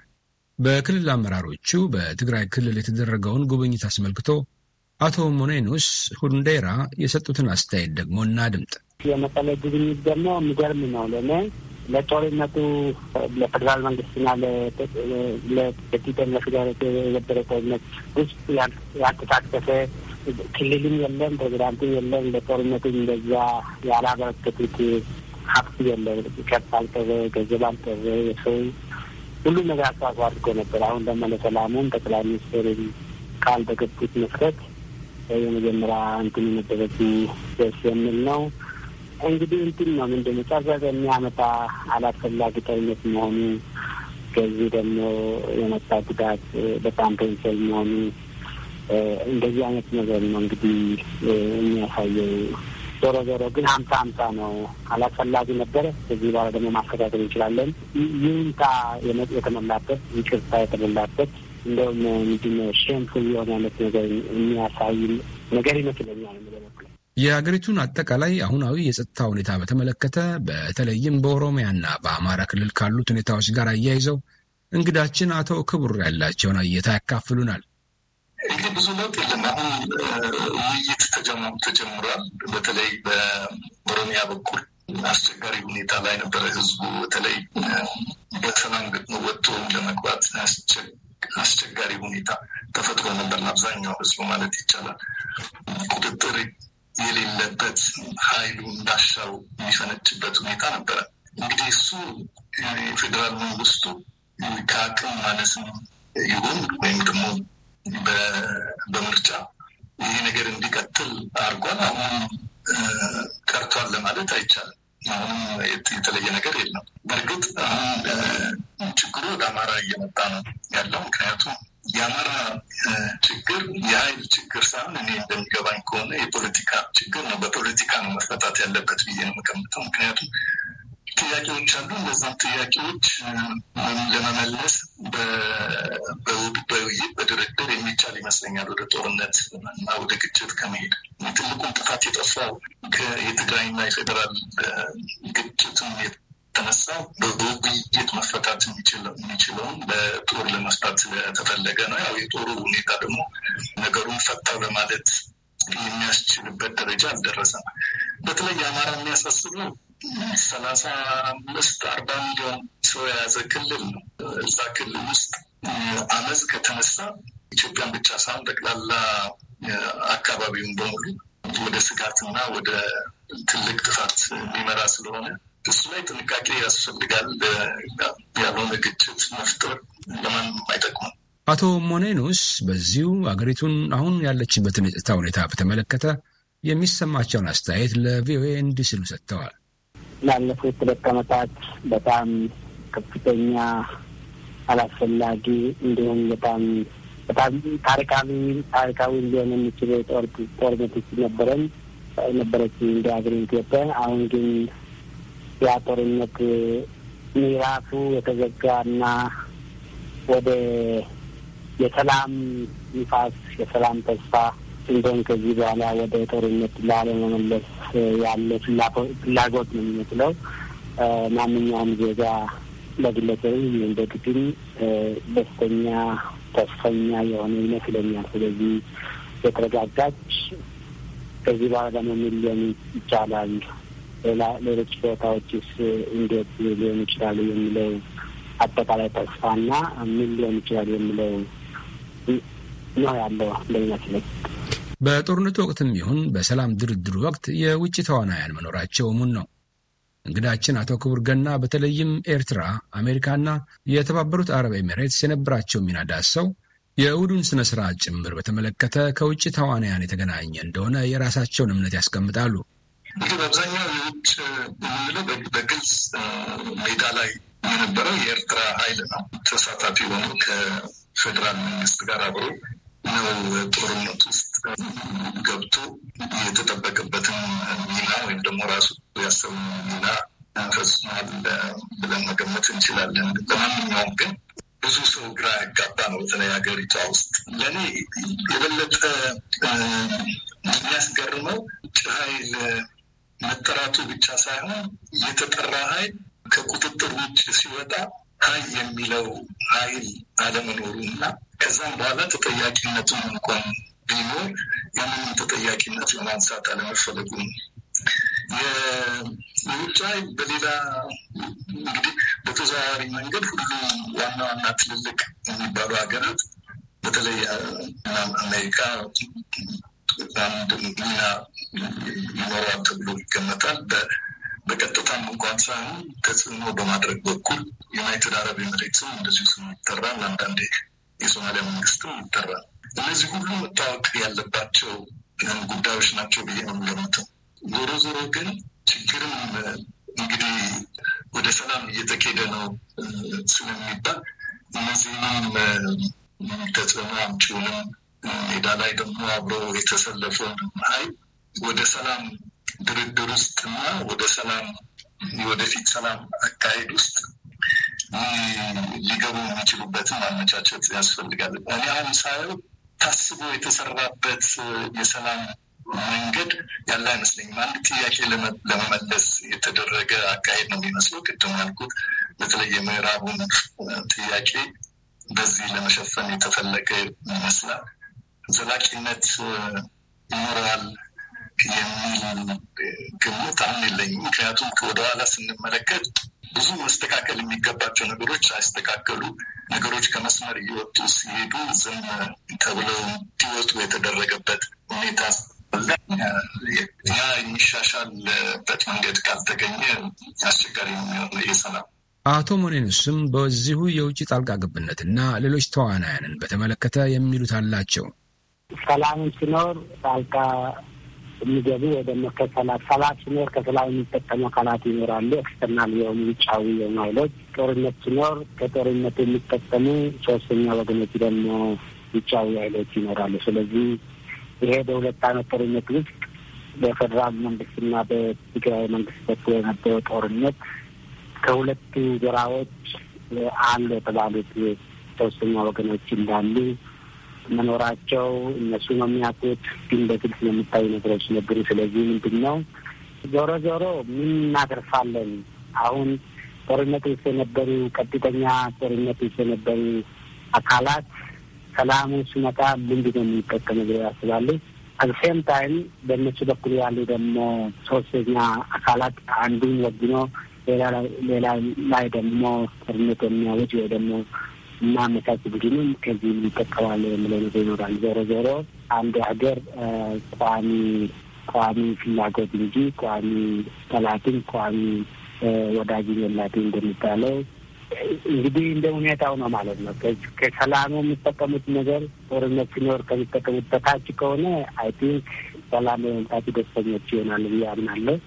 S5: በክልል አመራሮቹ በትግራይ ክልል የተደረገውን ጉብኝት አስመልክቶ አቶ ሞኔኑስ ሁንዴራ የሰጡትን አስተያየት ደግሞ እናድምጥ።
S3: የመቀለ ጉብኝት ደግሞ የሚገርም ነው ለእኔ ለጦርነቱ ለፌዴራል መንግስትና ለቲተነሱ ጋር የነበረ ጦርነት ውስጥ ያልተሳተፈ ክልልም የለም፣ ፕሬዚዳንትም የለም። ለጦርነቱ እንደዛ ያላበረከቱት ሀብት የለም። ከብት አልቀረ፣ ገንዘብ አልቀረ፣ የሰው ሁሉ ነገር አስተዋጽኦ አድርጎ ነበር። አሁን ደግሞ ለሰላሙም ጠቅላይ ሚኒስትር ቃል በገቡት መሰረት የመጀመሪያ እንትን መደረግ ደስ የሚል ነው። እንግዲህ እንትን ነው ምንድን ነው ጨረር የሚያመጣ አላስፈላጊ ጦርነት መሆኑ፣ ከዚህ ደግሞ የመጣ ጉዳት በጣም ፔንሰል መሆኑ እንደዚህ አይነት ነገር ነው እንግዲህ የሚያሳየው። ዞሮ ዞሮ ግን ሀምሳ ሀምሳ ነው። አላስፈላጊ ነበረ። ከዚህ በኋላ ደግሞ ማስተካከል እንችላለን። ይሁንታ የተሞላበት ይቅርታ የተሞላበት እንደውም ምንድን ነው ሼምፉል የሆነ አይነት ነገር የሚያሳይ ነገር ይመስለኛል።
S5: የሀገሪቱን አጠቃላይ አሁናዊ የጸጥታ ሁኔታ በተመለከተ በተለይም በኦሮሚያና በአማራ ክልል ካሉት ሁኔታዎች ጋር አያይዘው እንግዳችን አቶ ክቡር ያላቸውን እይታ ያካፍሉናል። እንግዲህ ብዙ ለውጥ የለም። አሁን ውይይት ተጀምሯል። በተለይ በኦሮሚያ በኩል አስቸጋሪ ሁኔታ ላይ ነበረ ህዝቡ። በተለይ
S2: በሰላም ገጥሞ ወጥቶ ለመግባት አስቸጋሪ ሁኔታ ተፈጥሮ ነበር ለአብዛኛው ህዝቡ ማለት ይቻላል። ቁጥጥር የሌለበት ኃይሉ እንዳሻው የሚፈነጭበት ሁኔታ ነበረ። እንግዲህ እሱ የፌዴራል መንግስቱ ከአቅም ማለት ይሁን ወይም ደግሞ በምርጫ ይሄ ነገር እንዲቀጥል አድርጓል። አሁንም ቀርቷል ለማለት አይቻልም። አሁንም የተለየ ነገር የለም። በእርግጥ አሁን ችግሩ ወደ አማራ እየመጣ ነው ያለው ምክንያቱም የአማራ ችግር የኃይል ችግር ሳይሆን እኔ እንደሚገባኝ ከሆነ የፖለቲካ ችግር ነው። በፖለቲካ ነው መፈታት ያለበት ብዬ ነው የምቀምጠው። ምክንያቱም ጥያቄዎች አሉ። እነዛም ጥያቄዎች ለመመለስ በውይይት በድርድር የሚቻል ይመስለኛል ወደ ጦርነት እና ወደ ግጭት ከመሄድ ትልቁም ጥፋት የጠፋው የትግራይና የፌዴራል ግጭትም የተነሳው ውይይት መፈታት የሚችለውን ለጦር ለመፍታት ስለተፈለገ ነው። ያው የጦሩ ሁኔታ ደግሞ ነገሩን ፈታ በማለት የሚያስችልበት ደረጃ አልደረሰም። በተለይ አማራ የሚያሳስበው ሰላሳ አምስት አርባ ሚሊዮን ሰው የያዘ ክልል ነው። እዛ ክልል ውስጥ አመፅ ከተነሳ ኢትዮጵያን ብቻ ሳይሆን ጠቅላላ አካባቢውን በሙሉ ወደ ስጋትና ወደ ትልቅ ጥፋት ሚመራ ስለሆነ እሱ ላይ ጥንቃቄ ያስፈልጋል።
S5: ያልሆነ ግጭት መፍጠር ለማንም አይጠቅሙም። አቶ ሞኔኖስ በዚሁ አገሪቱን አሁን ያለችበትን የጸጥታ ሁኔታ በተመለከተ የሚሰማቸውን አስተያየት ለቪኦኤ እንዲህ ሲሉ ሰጥተዋል።
S3: ላለፉት ሁለት ዓመታት በጣም ከፍተኛ አላስፈላጊ እንዲሁም በጣም በጣም ታሪካዊ ታሪካዊ ሊሆን የሚችል ጦርነት ነበረን ነበረች እንደ ሀገር ኢትዮጵያ። አሁን ግን ያ ጦርነት ምዕራፉ የተዘጋና ወደ የሰላም ንፋስ የሰላም ተስፋ እንደውም ከዚህ በኋላ ወደ ጦርነት ላለመመለስ ያለ ፍላጎት ነው የሚመስለው። ማንኛውም ዜጋ በግለሰብ እንደ ግድም ደስተኛ ተስፈኛ የሆነ ይመስለኛል። ስለዚህ የተረጋጋች ከዚህ በኋላ ደግሞ ሚሊዮን ይቻላል ሌላ ሌሎች ቦታዎችስ እንዴት ሊሆን ይችላል የሚለው አጠቃላይ ተስፋና ምን ሊሆን ይችላል የሚለው ነው ያለው እንደሚመስለኝ።
S5: በጦርነቱ ወቅትም ይሁን በሰላም ድርድር ወቅት የውጭ ተዋናያን መኖራቸው እሙን ነው። እንግዳችን አቶ ክቡር ገና በተለይም ኤርትራ፣ አሜሪካና የተባበሩት አረብ ኤሚሬትስ የነበራቸው ሚና ዳሰው የእሁዱን ስነ ስርዓት ጭምር በተመለከተ ከውጭ ተዋናያን የተገናኘ እንደሆነ የራሳቸውን እምነት ያስቀምጣሉ።
S2: እንግዲህ በአብዛኛው የውጭ የምንለው በግልጽ ሜዳ ላይ የነበረው የኤርትራ ኃይል ነው ተሳታፊ ሆኖ ከፌዴራል መንግስት ጋር አብሮ ነው ጦርነት ውስጥ ገብቶ የተጠበቀበትን ሚና ወይም ደግሞ ራሱ ያሰብነው ሚና ፈጽሟል ብለን መገመት እንችላለን። ለማንኛውም ግን ብዙ ሰው ግራ ያጋባ ነው። በተለይ ሀገሪቷ ውስጥ ለእኔ የበለጠ የሚያስገርመው ጭ ኃይል መጠራቱ ብቻ ሳይሆን የተጠራ ኃይል ከቁጥጥር ውጭ ሲወጣ ሀይ የሚለው ኃይል አለመኖሩ እና ከዛም በኋላ ተጠያቂነቱን እንኳን ቢኖር ያንንም ተጠያቂነት ለማንሳት አለመፈለጉ ነው። የውጭ ኃይል በሌላ እንግዲህ በተዘዋዋሪ መንገድ ሁሉም ዋና ዋና ትልልቅ የሚባሉ ሀገራት በተለይ አሜሪካ አንድ ሚና ይኖራል ተብሎ ይገመታል። በቀጥታም እንኳን ሳይሆን ተጽዕኖ በማድረግ በኩል ዩናይትድ አረብ ኤምሬትስም እንደዚሁ ስም ይጠራል። አንዳንዴ የሶማሊያ መንግስትም ይጠራል። እነዚህ ሁሉ መታወቅ ያለባቸው ጉዳዮች ናቸው ብዬ ነው የምገምተው። ዞሮ ዞሮ ግን ችግርም እንግዲህ ወደ ሰላም እየተኬደ ነው ስለሚባል እነዚህም ተጽዕኖ አምጪውንም ሜዳ ላይ ደግሞ አብሮ የተሰለፈውን ሀይል ወደ ሰላም ድርድር ውስጥ እና ወደ ሰላም ወደፊት ሰላም አካሄድ ውስጥ ሊገቡ የሚችሉበትን ማመቻቸት ያስፈልጋል። እኔ አሁን ሳየው ታስቦ የተሰራበት የሰላም መንገድ ያለ አይመስለኝም። አንድ ጥያቄ ለመመለስ የተደረገ አካሄድ ነው የሚመስለው። ቅድም ያልኩት በተለይ የምዕራቡን ጥያቄ በዚህ ለመሸፈን የተፈለገ ይመስላል። ዘላቂነት ይኖረዋል የሚል ግምት አሁን ምክንያቱም ወደኋላ ስንመለከት ብዙ መስተካከል የሚገባቸው ነገሮች ሳይስተካከሉ ነገሮች ከመስመር እየወጡ ሲሄዱ ዝም ተብለው እንዲወጡ የተደረገበት ሁኔታ ያ የሚሻሻልበት መንገድ ካልተገኘ አስቸጋሪ የሚሆነ የሰላም
S5: አቶ ሞኔንስም በዚሁ የውጭ ጣልቃ ገብነትና ሌሎች ተዋናያንን በተመለከተ የሚሉት አላቸው።
S3: ሰላም ሲኖር ጣልቃ የሚገቡ ወደ መከሰላት ሰላት ሲኖር ከሰላም የሚጠቀሙ አካላት ይኖራሉ። ኤክስተርናል የሆኑ ውጫዊ የሆኑ ኃይሎች፣ ጦርነት ሲኖር ከጦርነት የሚጠቀሙ ሶስተኛ ወገኖች ደግሞ ውጫዊ ኃይሎች ይኖራሉ። ስለዚህ ይሄ በሁለት አመት ጦርነት ውስጥ በፌዴራል መንግስትና በትግራይ መንግስት በኩል የነበረው ጦርነት ከሁለቱ ጎራዎች አሉ የተባሉት ሶስተኛ ወገኖች እንዳሉ መኖራቸው እነሱ ነው የሚያውቁት፣ ግን በግልጽ የሚታዩ ነገሮች ነበሩ። ስለዚህ ምንድን ነው ዞሮ ዞሮ ምን እናደርሳለን? አሁን ጦርነት ውስጥ የነበሩ ቀጥተኛ ጦርነት ውስጥ የነበሩ አካላት ሰላሙ ሲመጣ ምንድን ነው የሚጠቀሙ ብለው ያስባሉ። አሴም ታይም በእነሱ በኩል ያሉ ደግሞ ሶስተኛ አካላት አንዱን ወግኖ ሌላ ላይ ደግሞ ጦርነት የሚያወጅ ወይ ደግሞ እና አመቻች ቡድንም ከዚህ ይጠቀማል የምለው ነገር ይኖራል። ዞሮ ዞሮ አንድ ሀገር ቋሚ ቋሚ ፍላጎት እንጂ ቋሚ ጠላትን ቋሚ ወዳጅ የላትም እንደሚባለው እንግዲህ እንደ ሁኔታው ነው ማለት ነው። ከሰላሙ የሚጠቀሙት ነገር ጦርነት ሲኖር ከሚጠቀሙት በታች ከሆነ አይ ቲንክ ሰላም በመምጣቱ ደስተኞች ይሆናሉ ብዬ አምናለሁ።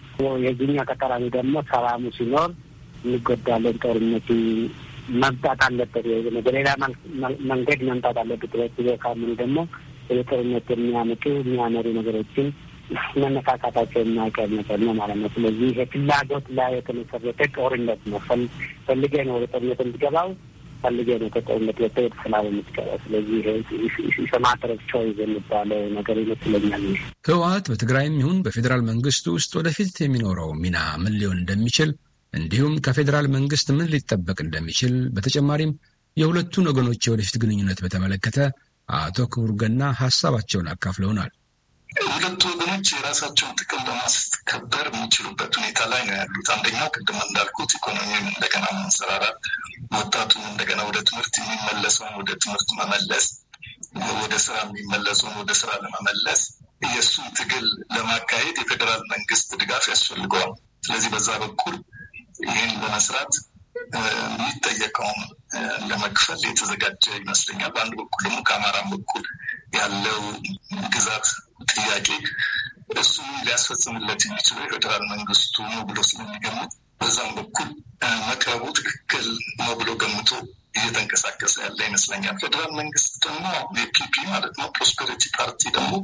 S3: የዚህኛው ተቃራኒ ደግሞ ሰላሙ ሲኖር እንጎዳለን፣ ጦርነቱ መምጣት አለበት ወይ በሌላ መንገድ መምጣት አለበት ብለ ካምን ደግሞ ወደ ጦርነት የሚያመጡ የሚያመሩ ነገሮችን መነካካታቸው የማይቀር ነገር ነው ማለት ነው። ስለዚህ ይሄ ፍላጎት ላይ የተመሰረተ ጦርነት ነው። ፈልጌ ነው ወደ ጦርነት የምትገባው ፈልጌ ነው ከጦርነት ወጥተህ ሰላም የምትገባው። ስለዚህ ሰማተረፍ ቾይዝ የሚባለው ነገር ይመስለኛል።
S5: ህወሀት በትግራይም ይሁን በፌዴራል መንግስቱ ውስጥ ወደፊት የሚኖረው ሚና ምን ሊሆን እንደሚችል እንዲሁም ከፌዴራል መንግስት ምን ሊጠበቅ እንደሚችል በተጨማሪም የሁለቱን ወገኖች የወደፊት ግንኙነት በተመለከተ አቶ ክቡር ገና ሀሳባቸውን አካፍለውናል።
S2: ሁለቱ ወገኖች የራሳቸውን ጥቅም ለማስከበር የሚችሉበት ሁኔታ ላይ ነው ያሉት። አንደኛው ቅድም እንዳልኩት ኢኮኖሚ እንደገና ማንሰራራት፣ ወጣቱም እንደገና ወደ ትምህርት የሚመለሰውን ወደ ትምህርት መመለስ፣ ወደ ስራ የሚመለሰውን ወደ ስራ ለመመለስ የእሱን ትግል ለማካሄድ የፌዴራል መንግስት ድጋፍ ያስፈልገዋል። ስለዚህ በዛ በኩል ይህን ለመስራት የሚጠየቀውን ለመክፈል የተዘጋጀ ይመስለኛል። በአንድ በኩል ደግሞ ከአማራም በኩል ያለው ግዛት ጥያቄ እሱም ሊያስፈጽምለት የሚችለው የፌደራል መንግስቱ ነው ብሎ ስለሚገምት በዛም በኩል መቅረቡ ትክክል ነው ብሎ ገምቶ እየተንቀሳቀሰ ያለ ይመስለኛል። ፌደራል መንግስት ደግሞ የፒፒ ማለት ነው ፕሮስፐሪቲ ፓርቲ ደግሞ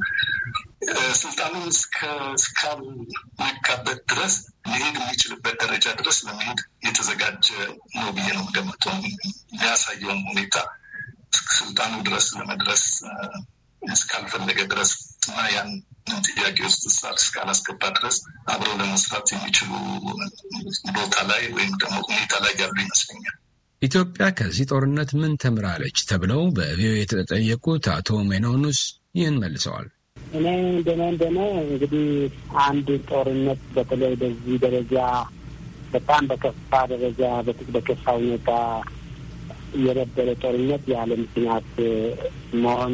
S2: ስልጣኑን እስካልነካበት ድረስ ሊሄድ የሚችልበት ደረጃ ድረስ ለመሄድ የተዘጋጀ ነው ብዬ ነው ገምተው የሚያሳየውን ሁኔታ
S5: ስልጣኑ ድረስ ለመድረስ እስካልፈለገ ድረስ እና ያን ጥያቄ ውስጥ ሳል እስካላስገባ ድረስ አብረው ለመስራት የሚችሉ ቦታ ላይ ወይም ደግሞ ሁኔታ ላይ ያሉ ይመስለኛል። ኢትዮጵያ ከዚህ ጦርነት ምን ተምራለች ተብለው በቪኦኤ የተጠየቁት አቶ ሜኖኑስ ይህን መልሰዋል።
S3: እኔ እንደኔ እንደኔ እንግዲህ አንድ ጦርነት በተለይ በዚህ ደረጃ በጣም በከፋ ደረጃ በትክ በከፋ ሁኔታ የነበረ ጦርነት ያለ ምክንያት መሆን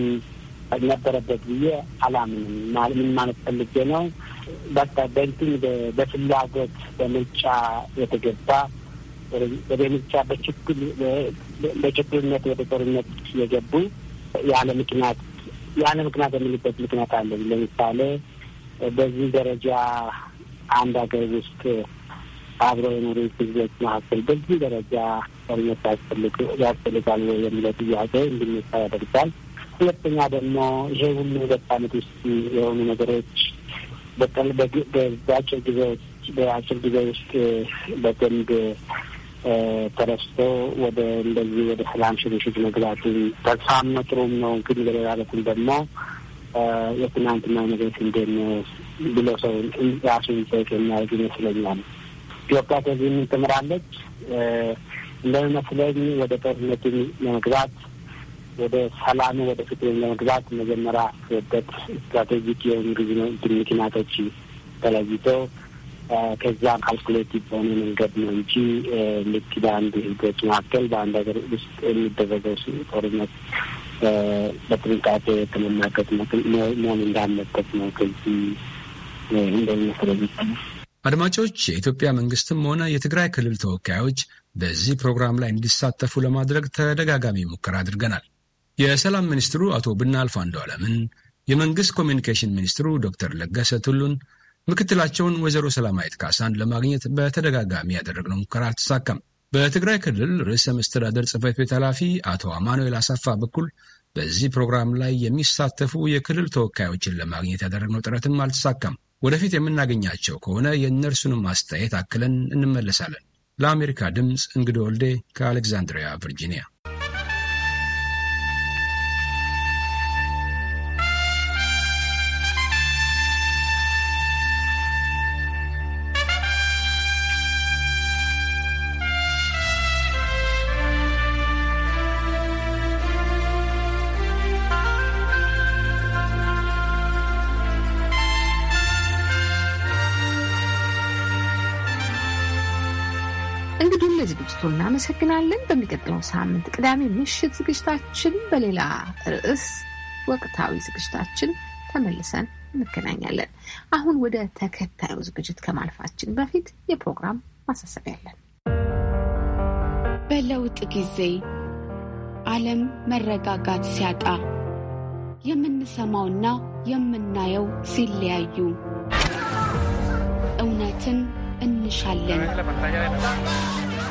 S3: ነበረበት ብዬ አላምንም። ምን ማለት ፈልጌ ነው? በቃ በንትን በፍላጎት በምርጫ የተገባ ወደ ምርጫ በችግርነት ወደ ጦርነት የገቡ ያለ ምክንያት ያን ምክንያት የምልበት ምክንያት አለኝ። ለምሳሌ በዚህ ደረጃ አንድ ሀገር ውስጥ አብረው የኖሩ ህዝቦች መካከል በዚህ ደረጃ ጦርነት ያስፈልጋል የሚለው ጥያቄ እንዲነሳ ያደርጋል። ሁለተኛ ደግሞ ይሄ ሁሉ ሁለት ዓመት ውስጥ የሆኑ ነገሮች በአጭር ጊዜ በአጭር ጊዜ ውስጥ በደንብ ተረስቶ ወደ እንደዚህ ወደ ሰላም ሽግሽግ መግባቱ ተስፋ መጥሩም ነው። እንግዲህ በኩል ደግሞ የትናንትና ነገሮች እንዴት ነው ብሎ ሰው ራሱን ጠቅ የሚያደርግ ይመስለኛል። ኢትዮጵያ ከዚህ ምን ትምራለች እንደሚመስለኝ ወደ ጦርነትን ለመግባት ወደ ሰላም ወደ ፍትህን ለመግባት መጀመሪያ ወደት ስትራቴጂክ የሆኑ ግዝ ምክንያቶች ተለይተው ከዛ ካልኩሌቲቭ በሆነ መንገድ ነው እንጂ ልክ በአንድ ህዝቦች መካከል በአንድ ሀገር ውስጥ የሚደረገው ጦርነት በጥንቃቄ የተመናገት መሆን እንዳለበት ነው። ከዚህ እንደሚመስለኝ
S5: አድማጮች፣ የኢትዮጵያ መንግስትም ሆነ የትግራይ ክልል ተወካዮች በዚህ ፕሮግራም ላይ እንዲሳተፉ ለማድረግ ተደጋጋሚ ሙከራ አድርገናል። የሰላም ሚኒስትሩ አቶ ብናልፍ አለምን፣ የመንግስት ኮሚዩኒኬሽን ሚኒስትሩ ዶክተር ለገሰ ቱሉን ምክትላቸውን ወይዘሮ ሰላማዊት ካሳን ለማግኘት በተደጋጋሚ ያደረግነው ሙከራ አልተሳካም። በትግራይ ክልል ርዕሰ መስተዳደር ጽፈት ቤት ኃላፊ አቶ አማኑኤል አሳፋ በኩል በዚህ ፕሮግራም ላይ የሚሳተፉ የክልል ተወካዮችን ለማግኘት ያደረግነው ጥረትም አልተሳካም። ወደፊት የምናገኛቸው ከሆነ የእነርሱንም አስተያየት አክለን እንመለሳለን። ለአሜሪካ ድምፅ እንግዲህ ወልዴ ከአሌክዛንድሪያ ቨርጂኒያ
S1: እናመሰግናለን። በሚቀጥለው ሳምንት ቅዳሜ ምሽት ዝግጅታችን በሌላ ርዕስ ወቅታዊ ዝግጅታችን ተመልሰን እንገናኛለን። አሁን ወደ ተከታዩ ዝግጅት ከማልፋችን በፊት የፕሮግራም ማሳሰቢያ አለን። በለውጥ ጊዜ ዓለም መረጋጋት ሲያጣ የምንሰማውና የምናየው ሲለያዩ እውነትን
S3: እንሻለን።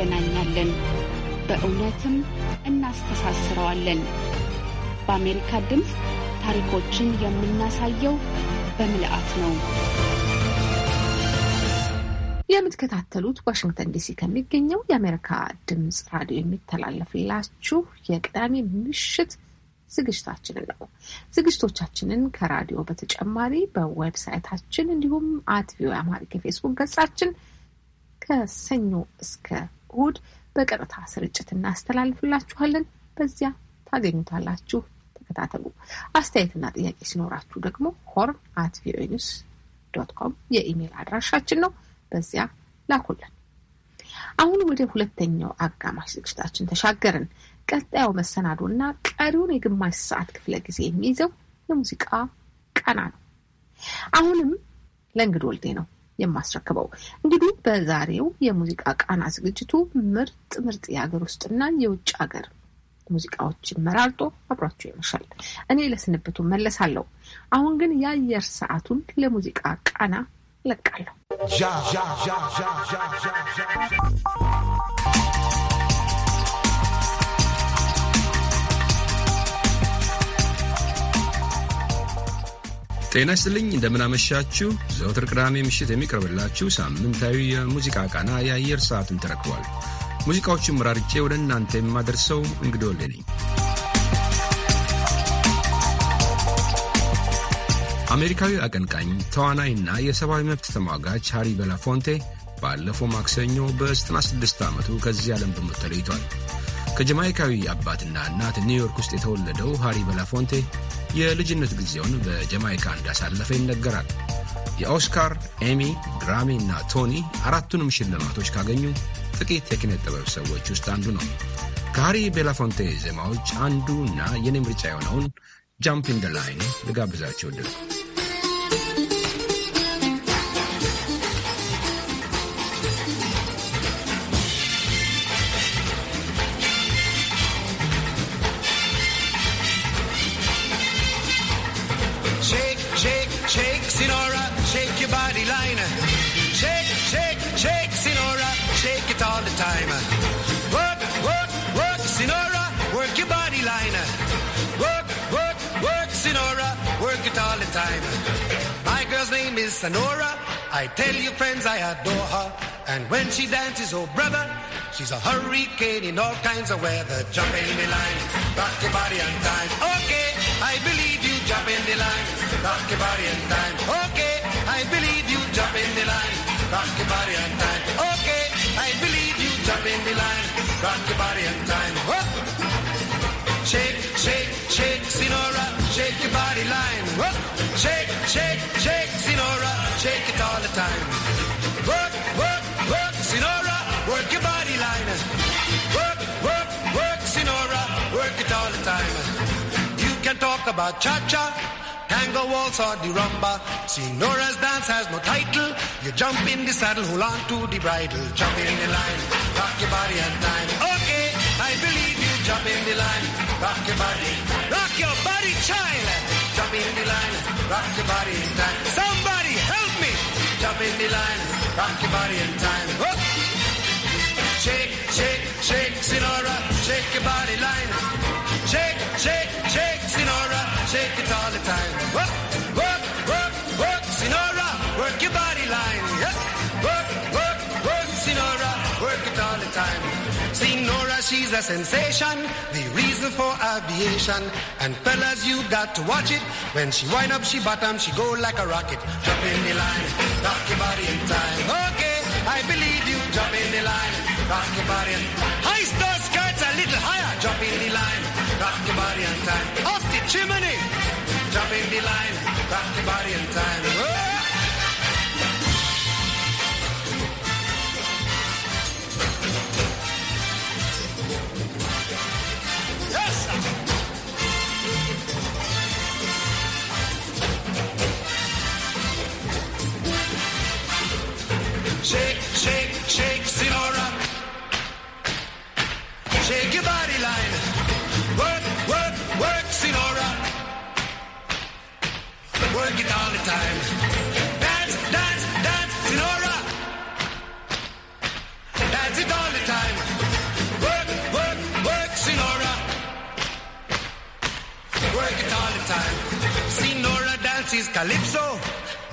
S1: እንገናኛለን፣ በእውነትም እናስተሳስረዋለን። በአሜሪካ ድምፅ ታሪኮችን የምናሳየው በምልአት ነው። የምትከታተሉት ዋሽንግተን ዲሲ ከሚገኘው የአሜሪካ ድምፅ ራዲዮ የሚተላለፍላችሁ የቅዳሜ ምሽት ዝግጅታችንን ነው። ዝግጅቶቻችንን ከራዲዮ በተጨማሪ በዌብሳይታችን እንዲሁም አት ቪኦኤ አማሪክ የፌስቡክ ገጻችን ከሰኞ እስከ እሁድ በቀጥታ ስርጭት እናስተላልፍላችኋለን። በዚያ ታገኙታላችሁ። ተከታተሉ። አስተያየትና ጥያቄ ሲኖራችሁ ደግሞ ሆርን አት ቪኦኤ ኒውስ ዶት ኮም የኢሜይል አድራሻችን ነው። በዚያ ላኩልን። አሁን ወደ ሁለተኛው አጋማሽ ዝግጅታችን ተሻገርን። ቀጣዩ መሰናዶ እና ቀሪውን የግማሽ ሰዓት ክፍለ ጊዜ የሚይዘው የሙዚቃ ቀና ነው። አሁንም ለእንግድ ወልዴ ነው የማስረክበው። እንግዲህ በዛሬው የሙዚቃ ቃና ዝግጅቱ ምርጥ ምርጥ የሀገር ውስጥና የውጭ ሀገር ሙዚቃዎችን መራርጦ አብሯቸው ይመሻል። እኔ ለስንብቱ መለሳለሁ። አሁን ግን የአየር ሰዓቱን ለሙዚቃ ቃና ለቃለሁ።
S5: ጤና ይስጥልኝ። እንደምናመሻችሁ። ዘውትር ቅዳሜ ምሽት የሚቀርብላችሁ ሳምንታዊ የሙዚቃ ቃና የአየር ሰዓትን ተረክቧል። ሙዚቃዎቹን መራርጬ ወደ እናንተ የማደርሰው እንግዳ ነኝ። አሜሪካዊ አቀንቃኝ ተዋናይና የሰብአዊ መብት ተሟጋች ሃሪ በላፎንቴ ባለፈው ማክሰኞ በ96 ዓመቱ ከዚህ ዓለም በሞት ተለይቷል። ከጀማይካዊ አባትና እናት ኒውዮርክ ውስጥ የተወለደው ሃሪ በላፎንቴ የልጅነት ጊዜውን በጀማይካ እንዳሳለፈ ይነገራል። የኦስካር፣ ኤሚ፣ ግራሚ እና ቶኒ አራቱንም ሽልማቶች ካገኙ ጥቂት የኪነ ጥበብ ሰዎች ውስጥ አንዱ ነው። ከሃሪ ቤላፎንቴ ዜማዎች አንዱ እና የኔ ምርጫ የሆነውን ጃምፕ ኢን ደ ላይን
S7: Sonora. I tell you, friends, I adore her. And when she dances, oh brother, she's a hurricane in all kinds of weather. Jump in the line, rock your body and time. Okay, I believe you. Jump in the line, rock your body and time. Okay, I believe you. Jump in the line, rock your body and time. Okay, I believe you. Jump in the line, rock your body and time. Whoop. Shake, shake, shake, Sonora, shake your body line. Whoop. Shake, shake time. Work, work, work, Sinora, work your body line. Work, work, work, Sinora, work it all the time. You can talk about cha-cha, tango waltz or the rumba. Sinora's dance has no title. You jump in the saddle, hold on to the bridle. Jump in the line, rock your body and time. Okay, I believe you. Jump in the line, rock your body. Rock your body, child. Jump in the line, rock your body and time. Somebody baby line, rock your body in time. Whoop! Shake, shake, shake, Sinora, shake your body line. Shake, shake, shake, Sinora, shake it is a sensation, the reason for aviation. And fellas, you got to watch it. When she wind up, she bottom, she go like a rocket. Jump in the line, rock your body in time. Okay, I believe you. Jump in the line, rock your body in Heist those skirts a little higher. Jump in the line, rock your body in time. Off the chimney. Jump in the line, rock your body in time. Whoa. Oh. Shake, shake, shake, senora. Shake your body line. Work, work, work, senora. Work it all the time. Dance, dance, dance, senora. Dance it all the time. Work, work, work, senora. Work it all the time. Senora dances calypso.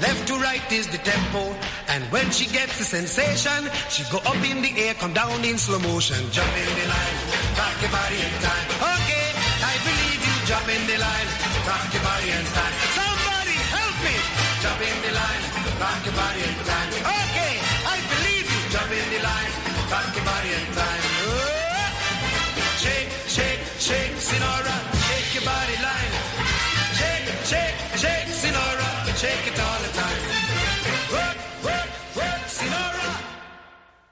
S7: Left to right is the tempo, and when she gets the sensation, she go up in the air, come down in slow motion. Jump in the line, rock your body in time. Okay, I believe you. Jump in the line, rock your body in time. Somebody help me. Jump in the line, rock your body in time. Okay, I believe you. Jump in the line, rock your body in time.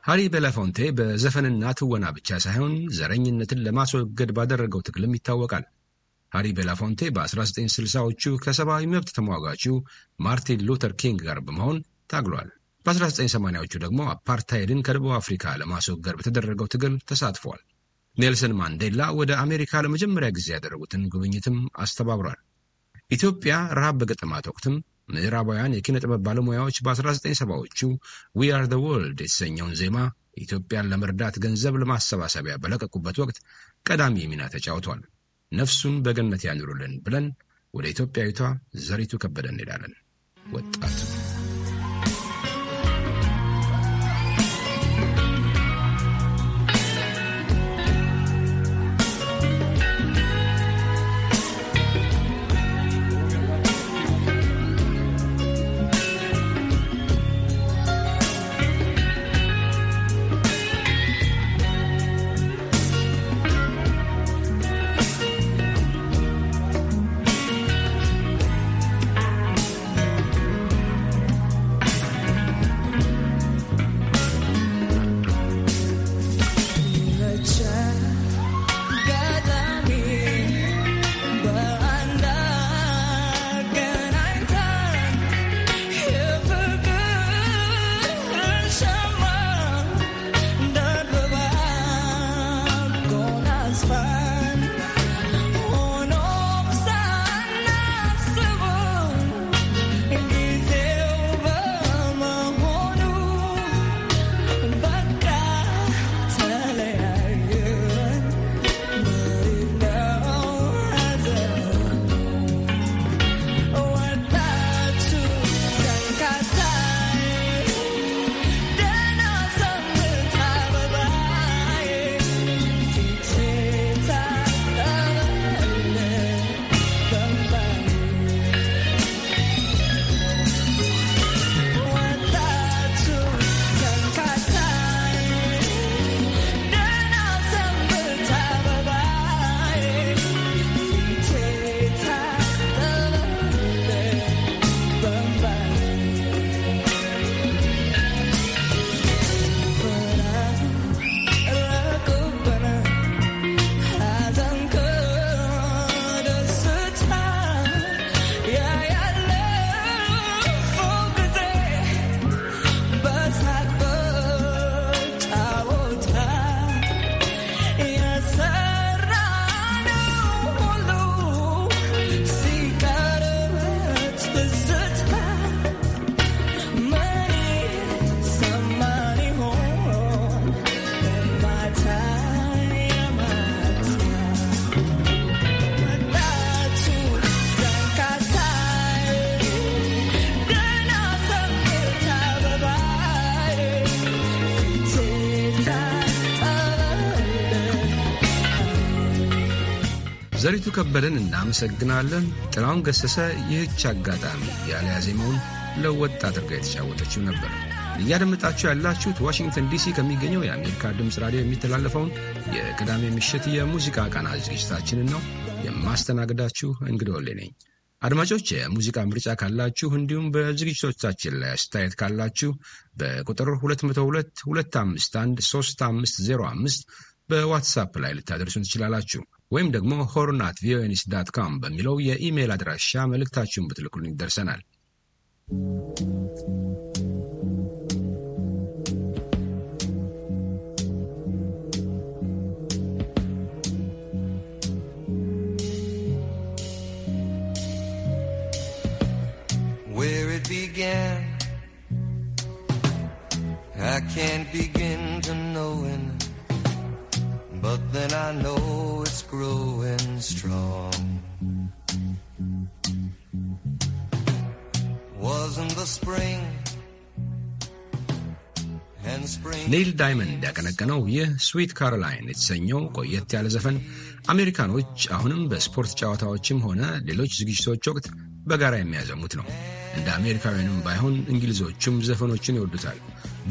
S5: ሃሪ ቤላፎንቴ በዘፈንና ትወና ብቻ ሳይሆን ዘረኝነትን ለማስወገድ ባደረገው ትግልም ይታወቃል። ሃሪ ቤላፎንቴ በ1960ዎቹ ከሰብአዊ መብት ተሟጋቹ ማርቲን ሉተር ኪንግ ጋር በመሆን ታግሏል። በ1980ዎቹ ደግሞ አፓርታይድን ከደቡብ አፍሪካ ለማስወገድ በተደረገው ትግል ተሳትፏል። ኔልሰን ማንዴላ ወደ አሜሪካ ለመጀመሪያ ጊዜ ያደረጉትን ጉብኝትም አስተባብሯል። ኢትዮጵያ ረሃብ በገጠማት ወቅትም ምዕራባውያን የኪነ ጥበብ ባለሙያዎች በ1970ዎቹ ዊ አር ዘ ወርልድ የተሰኘውን ዜማ ኢትዮጵያን ለመርዳት ገንዘብ ለማሰባሰቢያ በለቀቁበት ወቅት ቀዳሚ ሚና ተጫውቷል። ነፍሱን በገነት ያኑሩልን ብለን ወደ ኢትዮጵያዊቷ ዘሪቱ ከበደ እንሄዳለን። ወጣቱ ከበደን እናመሰግናለን። ጥላውን ገሰሰ ይህች አጋጣሚ ያለያ ዜማውን ለወጥ አድርጋ የተጫወተችው ነበር። እያደመጣችሁ ያላችሁት ዋሽንግተን ዲሲ ከሚገኘው የአሜሪካ ድምፅ ራዲዮ የሚተላለፈውን የቅዳሜ ምሽት የሙዚቃ ቃና ዝግጅታችንን ነው። የማስተናግዳችሁ እንግዶሌ ነኝ። አድማጮች የሙዚቃ ምርጫ ካላችሁ እንዲሁም በዝግጅቶቻችን ላይ አስተያየት ካላችሁ በቁጥር 202 251 3505 በዋትሳፕ ላይ ልታደርሱን ትችላላችሁ። ወይም ደግሞ ሆርናት ቪኦኤ ኒውስ ዳት ካም በሚለው የኢሜይል አድራሻ መልእክታችሁን ብትልኩልን ይደርሰናል።
S8: I can't begin to know it. but then I know it's growing strong. Wasn't the spring?
S5: ኔል ዳይመንድ ያቀነቀነው ይህ ስዊት ካሮላይን የተሰኘው ቆየት ያለ ዘፈን አሜሪካኖች አሁንም በስፖርት ጨዋታዎችም ሆነ ሌሎች ዝግጅቶች ወቅት በጋራ የሚያዘሙት ነው። እንደ አሜሪካውያንም ባይሆን እንግሊዞቹም ዘፈኖችን ይወዱታል።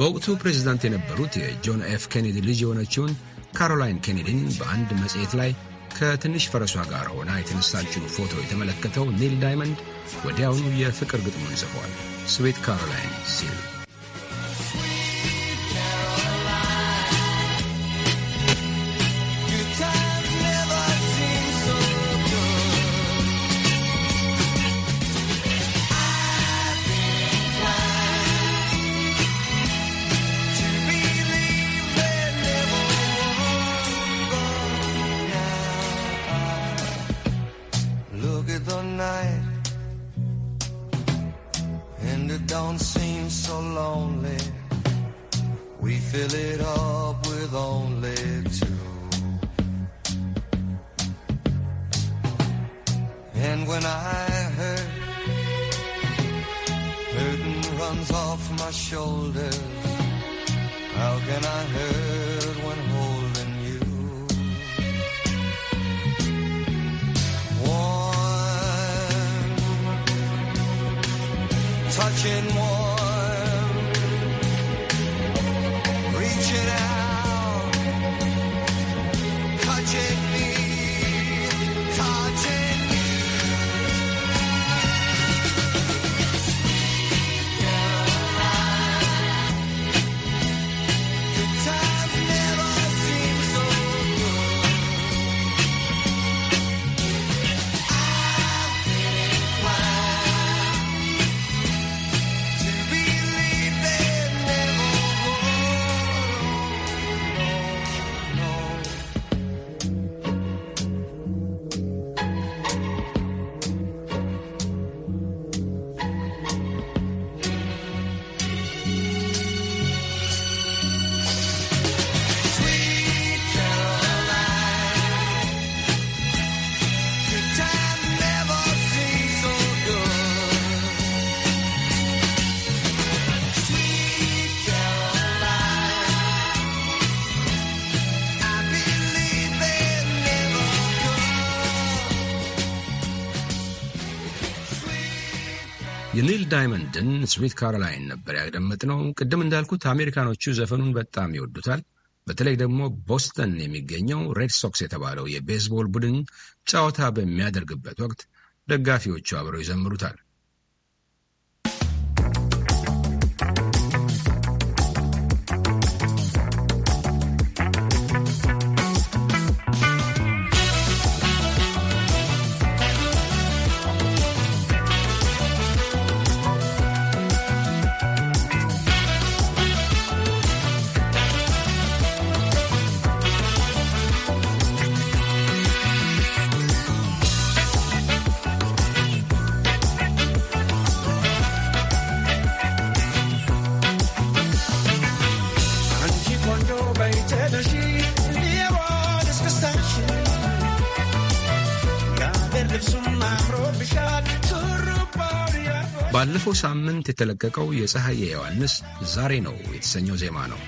S5: በወቅቱ ፕሬዚዳንት የነበሩት የጆን ኤፍ ኬኔዲ ልጅ የሆነችውን ካሮላይን ኬኔዲን በአንድ መጽሔት ላይ ከትንሽ ፈረሷ ጋር ሆና የተነሳችው ፎቶ የተመለከተው ኒል ዳይመንድ ወዲያውኑ የፍቅር ግጥሙን ጽፏል። ስዊት ካሮላይን ሲል ዳይመንድን ስዊት ካሮላይን ነበር ያደመጥነው። ቅድም እንዳልኩት አሜሪካኖቹ ዘፈኑን በጣም ይወዱታል። በተለይ ደግሞ ቦስተን የሚገኘው ሬድ ሶክስ የተባለው የቤዝቦል ቡድን ጨዋታ በሚያደርግበት ወቅት ደጋፊዎቹ አብረው ይዘምሩታል። ባለፈው ሳምንት የተለቀቀው የፀሐይ የዮሐንስ ዛሬ ነው የተሰኘው ዜማ ነው።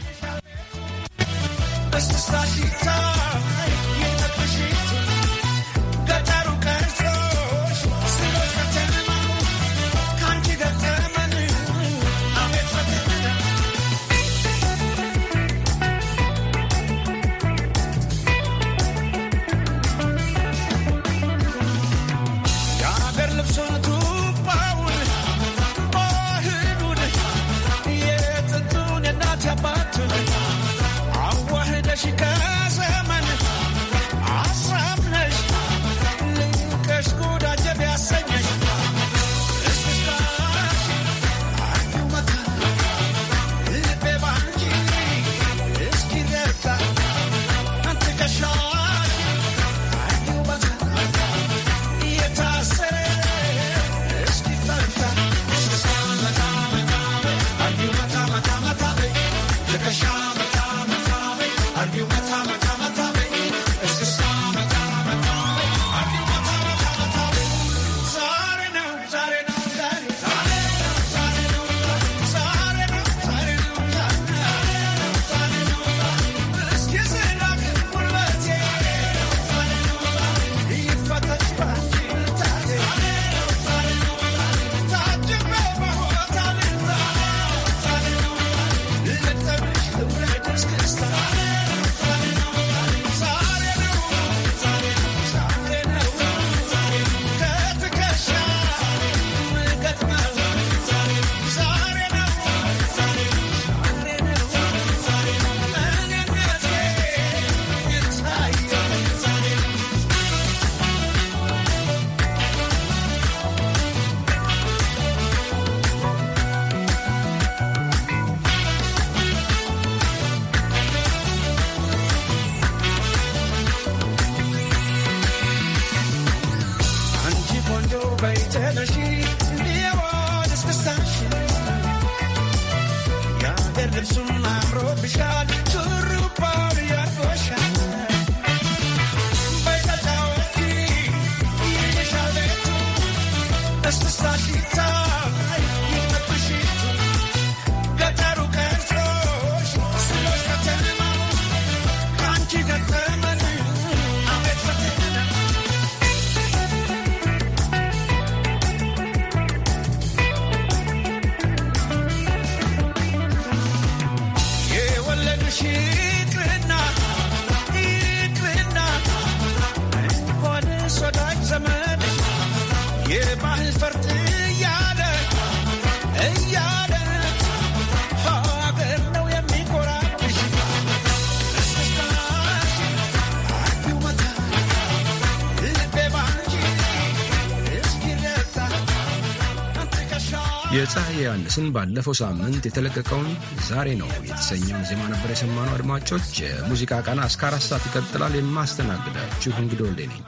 S5: ባለፈው ሳምንት የተለቀቀውን ዛሬ ነው የተሰኘውን ዜማ ነበር የሰማነው። አድማጮች፣ የሙዚቃ ቃና እስከ አራት ሰዓት ይቀጥላል። የማስተናግዳችሁ ወልዴ ነኝ።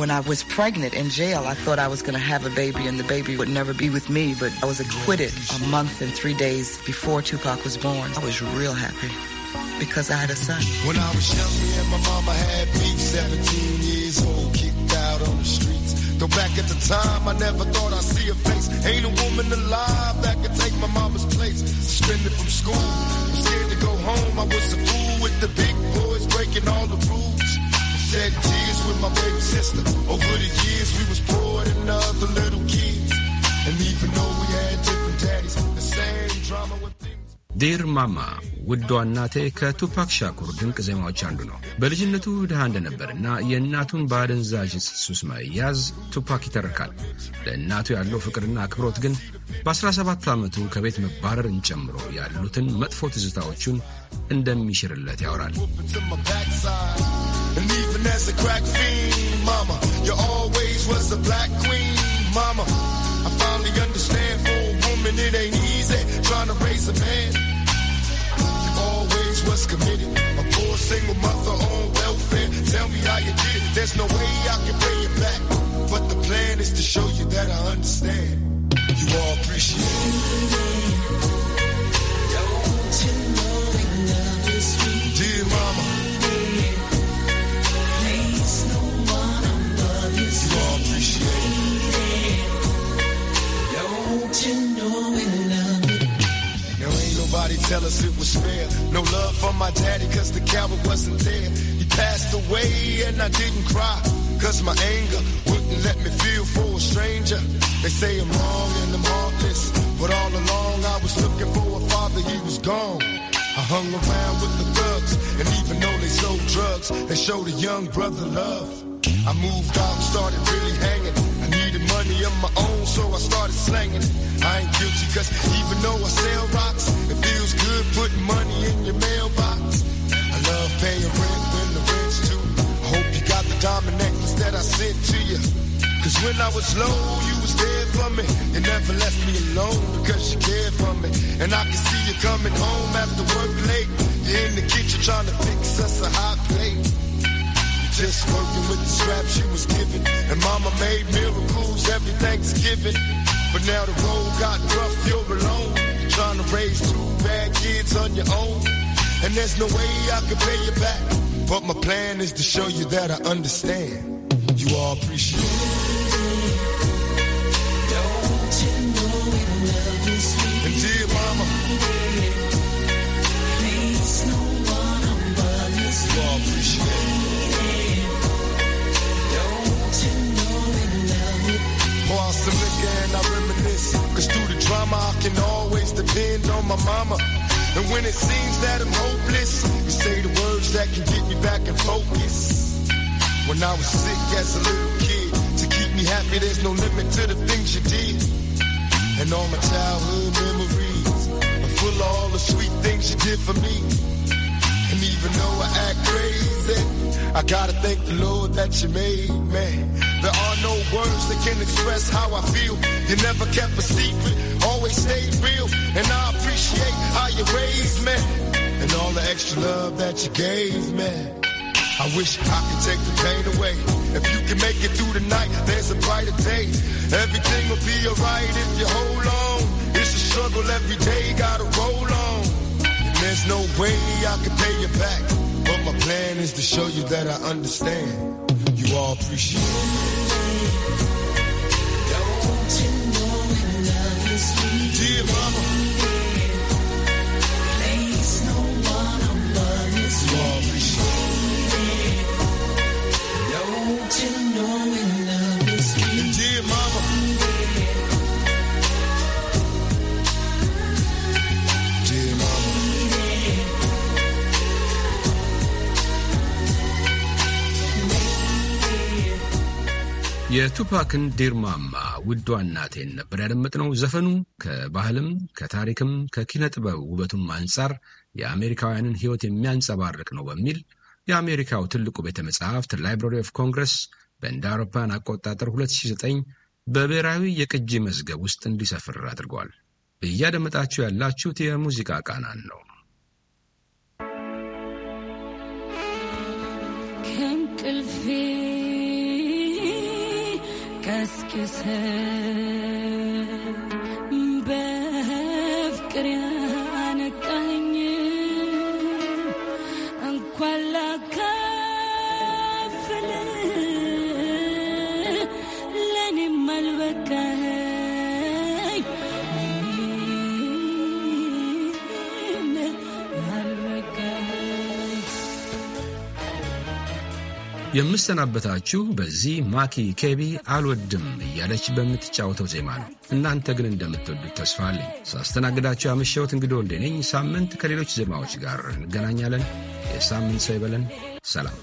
S3: When I was pregnant in jail, I thought I was going to have a baby and the baby would never be with me, but I was acquitted a month and three days before Tupac was born. I was real happy
S9: because I had a son. When I was young, and my mama had beef, 17 years old, kicked out on the streets. Though back at the time, I never thought I see her face. Ain't a woman alive that can take my mama's place. Suspended from school, I'm scared to go home. I was a fool with the big boys breaking all the rules. Shed tears with my baby sister. Over the years, we was poor than other little kids. And even though
S5: ዴር ማማ ውዷ እናቴ ከቱፓክ ሻኩር ድንቅ ዜማዎች አንዱ ነው። በልጅነቱ ድሃ እንደነበርና የእናቱን በአደንዛዥ ሱስ መያዝ ቱፓክ ይተርካል። ለእናቱ ያለው ፍቅርና አክብሮት ግን በ17 ዓመቱ ከቤት መባረርን ጨምሮ ያሉትን መጥፎ ትዝታዎቹን እንደሚሽርለት ያወራል።
S9: Mama, I finally understand for a woman it ain't easy. trying to raise a man. Always was committed. A poor single mother on welfare. Tell me how you did. There's no way I can pay you back. But the plan is to show you that I understand. You all appreciate it. you know Dear mama. it. Nobody tell us it was fair. No love for my daddy, cause the coward wasn't there. He passed away and I didn't cry. Cause my anger wouldn't let me feel for a stranger. They say I'm wrong and I'm heartless. But all along I was looking for a father, he was gone. I hung around with the thugs, and even though they sold drugs, they showed a young brother love. I moved out and started really hanging needed money of my own, so I started slanging it. I ain't guilty, cause even though I sell rocks, it feels good putting money in your mailbox. I love paying rent when the rent's due. I hope you got the diamond necklace that I sent to you. Cause when I was low, you was there for me. You never left me alone because you cared for me. And I can see you coming home after work late. You're in the kitchen trying to fix us a hot just working with the scraps she was given. And mama made miracles every Thanksgiving. But now the road got rough, you're alone. Trying to raise two bad kids on your own. And there's no way I can pay you back. But my plan is to show you that I understand. You all appreciate it. some liquor and I reminisce. Cause through the drama, I can always depend on my mama. And when it seems that I'm hopeless, you say the words that can get me back in focus. When I was sick as a little kid, to keep me happy, there's no limit to the things you did. And all my childhood memories are full of all the sweet things you did for me. And even though I act crazy, I gotta thank the Lord that you made me. There are no words that can express how I feel. You never kept a secret, always stayed real. And I appreciate how you raised me. And all the extra love that you gave me. I wish I could take the pain away. If you can make it through the night, there's a brighter day. Everything will be alright if you hold on. It's a struggle every day, gotta run there's no way I could pay you back. But my plan is to show you that I understand. You all appreciate it. Dear mama.
S5: የቱፓክን ዲርማማ ውዷ እናቴን ነበር ያደመጥነው። ዘፈኑ ከባህልም ከታሪክም ከኪነ ጥበብ ውበቱም አንጻር የአሜሪካውያንን ሕይወት የሚያንጸባርቅ ነው በሚል የአሜሪካው ትልቁ ቤተ መጽሐፍት ላይብራሪ ኦፍ ኮንግረስ በእንደ አውሮፓን አቆጣጠር 2009 በብሔራዊ የቅጂ መዝገብ ውስጥ እንዲሰፍር አድርጓል። እያደመጣችሁ ያላችሁት የሙዚቃ ቃናን ነው።
S8: ከእንቅልፌ kiss him.
S5: የምሰናበታችሁ በዚህ ማኪ ኬቢ አልወድም እያለች በምትጫወተው ዜማ ነው። እናንተ ግን እንደምትወዱት ተስፋ አለኝ። ሳስተናግዳችሁ ያመሸሁት እንግዶ እንዴ ነኝ። ሳምንት ከሌሎች ዜማዎች ጋር እንገናኛለን። የሳምንት ሰው ይበለን። ሰላም።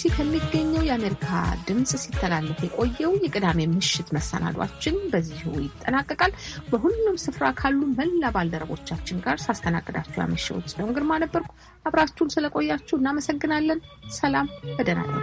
S1: ዲሲ ከሚገኘው የአሜሪካ ድምፅ ሲተላለፍ የቆየው የቅዳሜ ምሽት መሰናዷችን በዚሁ ይጠናቀቃል። በሁሉም ስፍራ ካሉ መላ ባልደረቦቻችን ጋር ሳስተናግዳችሁ ያመሸሁት ጽዮን ግርማ ነበርኩ። አብራችሁን ስለቆያችሁ እናመሰግናለን። ሰላም፣ በደህና